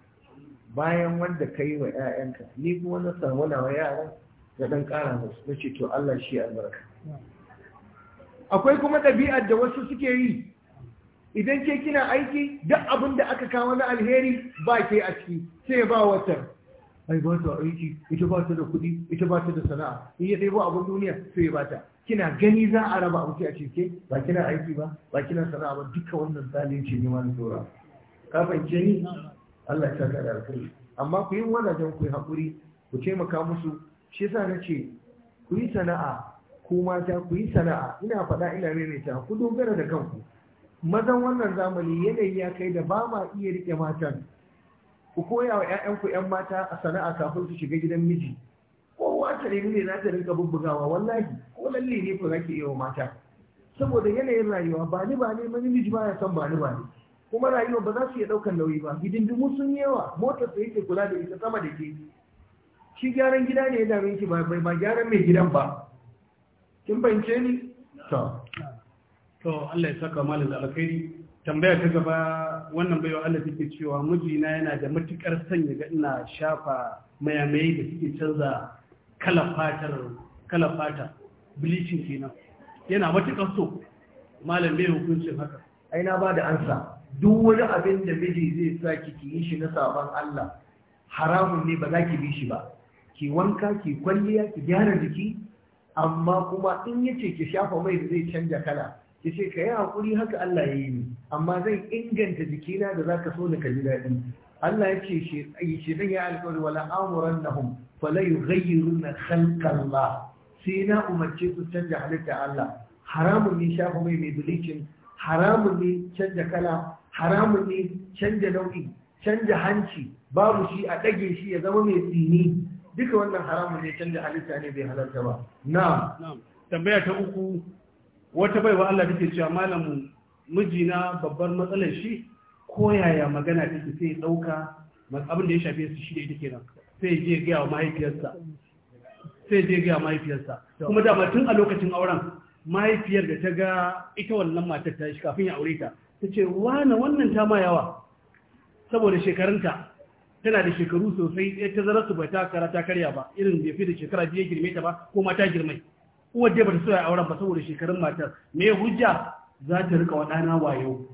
Speaker 3: bayan wanda ka yi wa 'ya'yanka ni kuma na samu nawa yaran na ɗan ƙara musu na ce to Allah shi albarka akwai kuma ɗabi'ar da wasu suke yi idan ke kina aiki duk abin da aka kawo na alheri ba ke a ciki sai ba wata ai ba ta aiki ita ba ta da kuɗi ita ba ta da sana'a in ya ba abin duniya sai ya bata kina gani za a raba abu a cike ba kina aiki ba ba kina sana'a ba duka wannan zalunci ne wani tsora ka fahimce ni Allah ya saka da alkhairi amma ku yi wazajen ku yi haƙuri ku taimaka musu shi yasa na ce ku yi sana'a ku mata ku yi sana'a ina faɗa ina ta, ku dogara da kanku mazan wannan zamani yanayi ya kai da ba ma iya riƙe matan ku koya wa 'ya'yanku 'yan mata a sana'a kafin su shiga gidan miji kowa ta nemi ne za ta rinka bubbugawa wallahi ko lalle ne ku zaki iya wa mata saboda yanayin rayuwa ba ni ba ne mani miji ba ya san ba ni ba ne kuma rayuwa ba za su iya ɗaukar nauyi ba hidindimu sun yawa motar ta yake kula da ita sama da ke shi gyaran gida ne ya dame ki ba ba gyaran mai gidan ba kin
Speaker 1: bance ni to to Allah ya saka malam da alkhairi tambaya ta gaba wannan baiwa Allah take cewa mijina yana da matukar sanya ga ina shafa mayamai da suke canza kala fatar kala fata bleaching kenan yana matukar so malam bai hukuncin haka ai na bada ansa
Speaker 3: duk wani abin da miji zai sa ki yi shi na sabon Allah haramun ne ba za ki bi shi ba ki wanka ki kwalliya ki gyara jiki amma kuma in yace ki shafa mai da zai canja kala ki ce ka yi hakuri haka Allah ya yi amma zai inganta jikina da zaka so na ka ji daɗi Allah ya ce shi zan yi alƙawari wala amuran nahum fala yughayyiruna khalqallah sai na umarce su canja halitta Allah haramun ne shafa mai mai bleaching haramun ne canja kala haramun ne canja nau'i canja hanci babu shi a ɗage shi ya zama mai
Speaker 1: tsini duka wannan haramun ne canza halitta ne bai halarta ba na tambaya ta uku wata baiwa Allah take cewa malam miji mijina babbar matsalar shi ko yaya magana take sai dauka abin da ya shafe su shi da ita kenan sai je ga mahaifiyarsa sai je ga mahaifiyarsa kuma dama tun a lokacin auren mahaifiyar da ta ga ita wannan matar ta shi kafin ya aure ta ta ce wani wannan ta ma yawa saboda shekarunta tana da shekaru sosai ɗaya eh, ta zarar su bai ta kara ta karya ba irin bai fi da shekara biyu girme ta ba ko mata girme. uwar dai ba ta soya auren ba saboda shekarun matar me hujja za ta rika wa ɗana wayo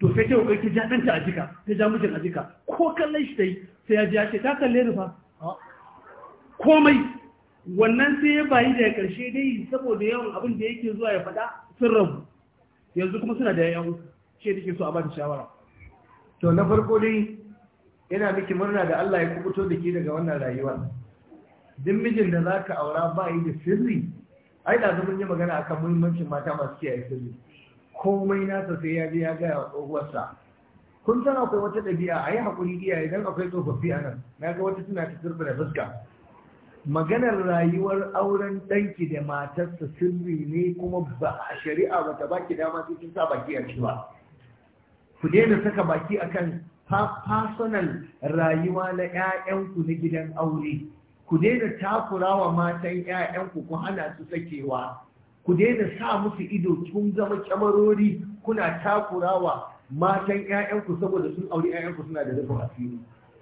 Speaker 1: to sai ta yi ta ja ɗanta a jika ta ja mijin a jika ko kallon shi ta yi sai ya ji ya ce ta kalle ni fa komai wannan sai ya bayi daga karshe dai saboda yawan abin da yake zuwa ya faɗa sun rabu yanzu kuma suna da yayan ce
Speaker 3: ke so a ba da shawara to na farko dai ina miki murna da Allah ya kubuto da ke daga wannan rayuwar din mijin da za ka aura ba yi da sirri ai da mun yi magana akan muhimmancin mata masu kiyaye sirri komai nasa sai ya je ya gaya wa tsohuwarsa kun san akwai wata ɗabi'a a yi haƙuri iyaye don akwai tsofaffi a nan na ga wata suna ta sirri da fuska maganar rayuwar auren ɗanki da matarsa sirri ne kuma ba a shari'a ba ta baki dama sai kin sa baki a ciwa ba ku daina saka baki akan personal rayuwa na 'ya'yanku na gidan aure ku daina takurawa matan 'ya'yanku ku hana su sakewa ku daina sa musu ido tun zama kyamarori kuna takurawa matan 'ya'yanku saboda sun auri 'ya'yanku suna da rufin asiri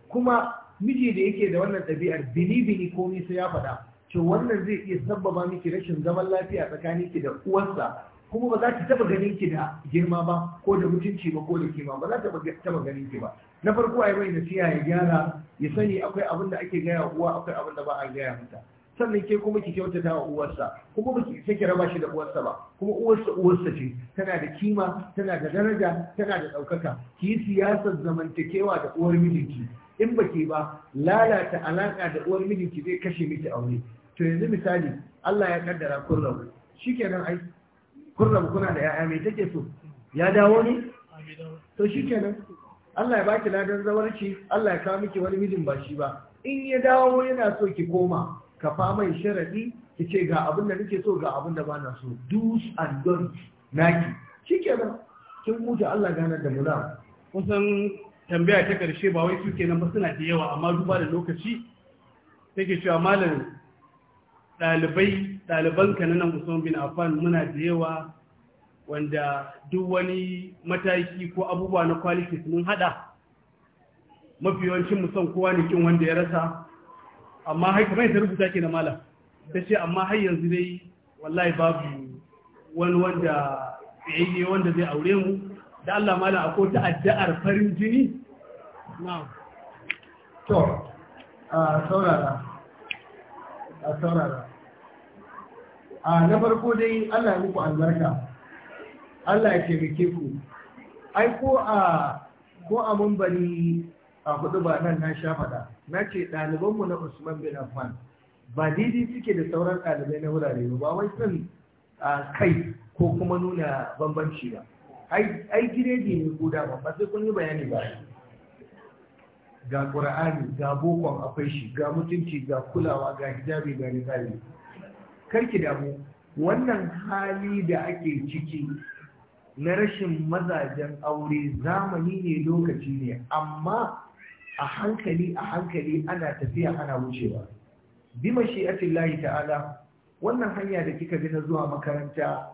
Speaker 3: kuma miji da yake da wannan ɗabi'ar bini bini komai sai ya faɗa to wannan zai iya sabbaba miki rashin zaman lafiya tsakaninki da uwarsa kuma ba za ki taba ganin ki da girma ba ko da mutunci ba ko da kima ba za ta taba ganin ki ba na farko ai mai nasiha ya gyara ya sani akwai abin da ake gaya uwa akwai abin da ba a gaya mata sannan ke kuma ki kyautata wa uwarsa kuma ba ki kira raba shi da uwarsa ba kuma uwarsa uwarsa ce tana da kima tana da daraja tana da ɗaukaka ki yi siyasar zamantakewa da uwar mijinki in ba ke ba lalata alaƙa da uwar mijinki zai kashe miki aure to yanzu misali Allah ya kaddara kullum shikenan ai Kurna kuna da ya'ya mai take so ya dawo ne to shi kenan Allah ya baki ladan zawarci Allah ya kawo miki wani mijin ba shi ba in ya dawo yana so ki koma ka fa mai sharadi ki ce ga abin da nake so ga
Speaker 1: abin da bana so do's and don'ts naki Shi kenan kin huta Allah gana da mu kusan tambaya ta karshe ba wai suke nan ba suna da yawa amma duba da lokaci take cewa malam ɗalibai ɗalibanka na nan Usman bin Affan muna da yawa wanda duk wani mataki ko abubuwa na kwalifis mun hada mafi yawancin musamman kowa ne kin wanda ya rasa amma har kamar yadda rubuta ke na malam ta ce amma har yanzu dai wallahi babu wani wanda tsayayye wanda zai aure mu da Allah malam akwai ta addu'ar farin jini na'am to a saurara a saurara a
Speaker 3: na farko dai Allah ya muku albarka Allah ya taimake ku ai ko a ko a mambari a hudu ba nan na sha faɗa na ce ɗalibanmu na Usman bin Affan ba daidai suke da sauran ɗalibai na wurare ba wai san kai ko kuma nuna bambanci ba ai giredi ne guda dama ba sai kun yi bayani ba ga ƙura'ani ga bokon akwai shi ga mutunci ga kulawa ga hijabi ga niƙali karki damu wannan hali da ake ciki na rashin mazajen aure zamani ne lokaci ne amma a hankali a hankali ana tafiya ana wucewa bi lahi ta'ala wannan hanya da kika gina zuwa makaranta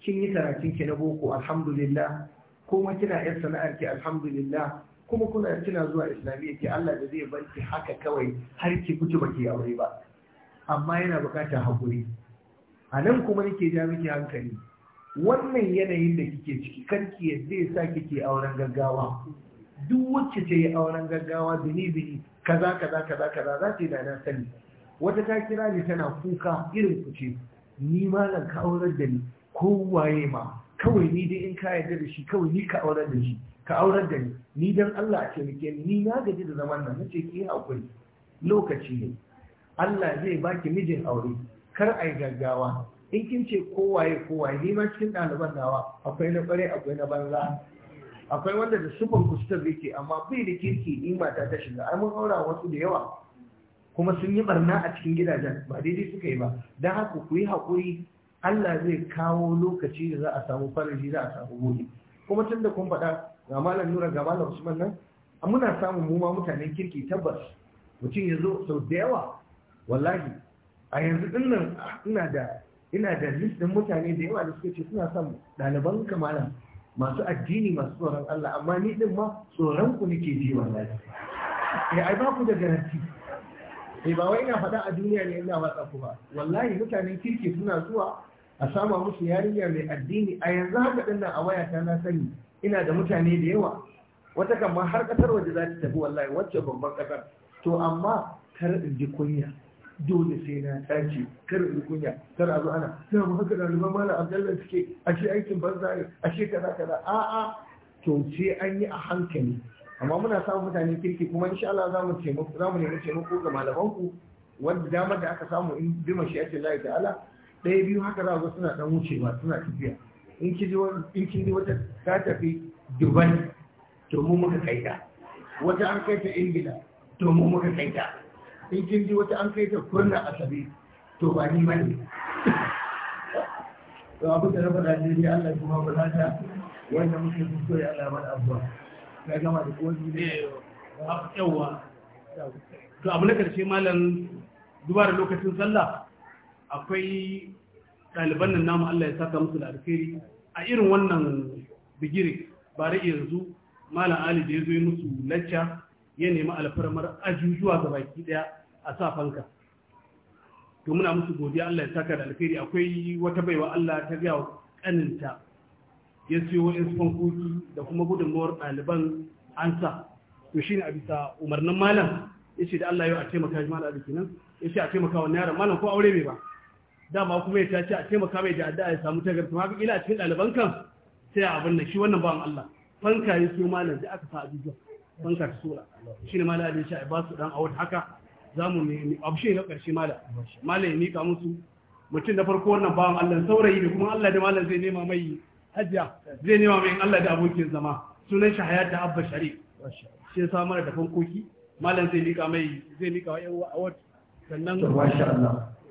Speaker 3: kin yi karatun ki na boko alhamdulillah kuma kina yar sana'ar ki alhamdulillah kuma kuna kina zuwa islamiyya ki Allah da zai bar ki haka kawai har ki fito baki aure ba amma yana bukatar hakuri a nan kuma nake ja miki hankali wannan yanayin da kike ciki karki yadda ya sa kike auren gaggawa duk wacce ta yi auren gaggawa bini bini kaza kaza kaza kaza za ta yi da na sani wata ta kira ni tana kuka irin ku ce ni malam ka aurar da ni ko waye ma kawai ni dai in ka yarda da shi kawai ni ka aurar da shi ka aurar da ni ni dan Allah a ce muke ni na gaji da zaman nan nace ki hakuri lokaci ne Allah zai baki mijin aure kar a yi gaggawa in kin ce kowaye kowaye ni ma cikin ɗaliban nawa akwai na ƙware akwai na banza akwai wanda da sufan kustar yake amma bai da kirki ni mata ta shiga ai mun aura wasu da yawa kuma sun yi barna a cikin gidajen ba daidai suka yi ba don haka ku yi haƙuri Allah zai kawo lokaci da za a samu faraji za a samu gobe kuma tun da kun faɗa ga malam nura ga malam usman nan muna samun mu ma mutanen kirki tabbas mutum ya zo sau da yawa wallahi a yanzu dinnan ah, ina da ina da listin mutane da yawa da suka ce suna son ɗaliban kamalan masu addini masu tsoron Allah amma ni din ma tsoron ku nake ji wallahi eh ai ba ku da garanti eh ba wai ina faɗa a duniya ne ina watsa ku ba wallahi mutanen kirki suna zuwa a sama musu yarinya mai addini a yanzu haka din nan a wayata na sani ina da mutane da yawa wata kan ma har kasar waje za ta tafi wallahi wacce babban kasar to amma kar in ji kunya dole sai na tace kar in kunya kar a ana sai mu haka ɗaliban malam abdallah suke ashe aikin banza ne ashe kaza kaza a'a to sai an yi a hankali amma muna samun mutane kirki kuma insha Allah za mu taimako za mu nemi taimako ga malamanku wanda damar da aka samu in bi mashiyati Allah ta'ala ɗaya biyu haka za ga suna dan wucewa suna tafiya in kin in kin ji wata ta tafi Dubai to mu muka kaita wata an kai ta Ingila to mu muka kaita in kin ji wata an kai ta kunna asabi to ba ni bane to abu da na faɗa ne Allah kuma ba za ta wanda muke so ya Allah
Speaker 1: da abuwa ka gama da kowa ne yawa to abu na karshe malam duba da lokacin sallah akwai ɗaliban nan namu Allah ya saka musu da alkhairi a irin wannan bigire da yanzu malam ali da ya zo musu lacca ya nemi alfarmar ajujuwa ga baki daya a sa fanka to muna musu godiya Allah ya saka da alkhairi akwai wata baiwa Allah ta ga kaninta ya siyo yan fankoki da kuma gudunmawar ɗaliban an sa to shine a bisa umarnin malam yace da Allah yi a taimaka jama'a da kenan yace a taimaka wa yaron malam ko aure bai ba dama kuma ya ce a taimaka mai da addu'a ya samu tagarta ma ila cikin ɗaliban kan sai abin nan shi wannan bawan Allah fanka ya siyo malam da aka sa a fanka ta sola shine malam ya ce a ba su dan a wata haka za mu mai shi na ƙarshe mala mala ya mika musu mutum da farko wannan bawan Allah saurayi ne kuma Allah da malam zai nema mai Hajiya zai nema mai Allah da abokin zama sunan shi hayata abba sharif shi sa mara da fankoki malam zai nika mai zai nika wa yan award sannan masha Allah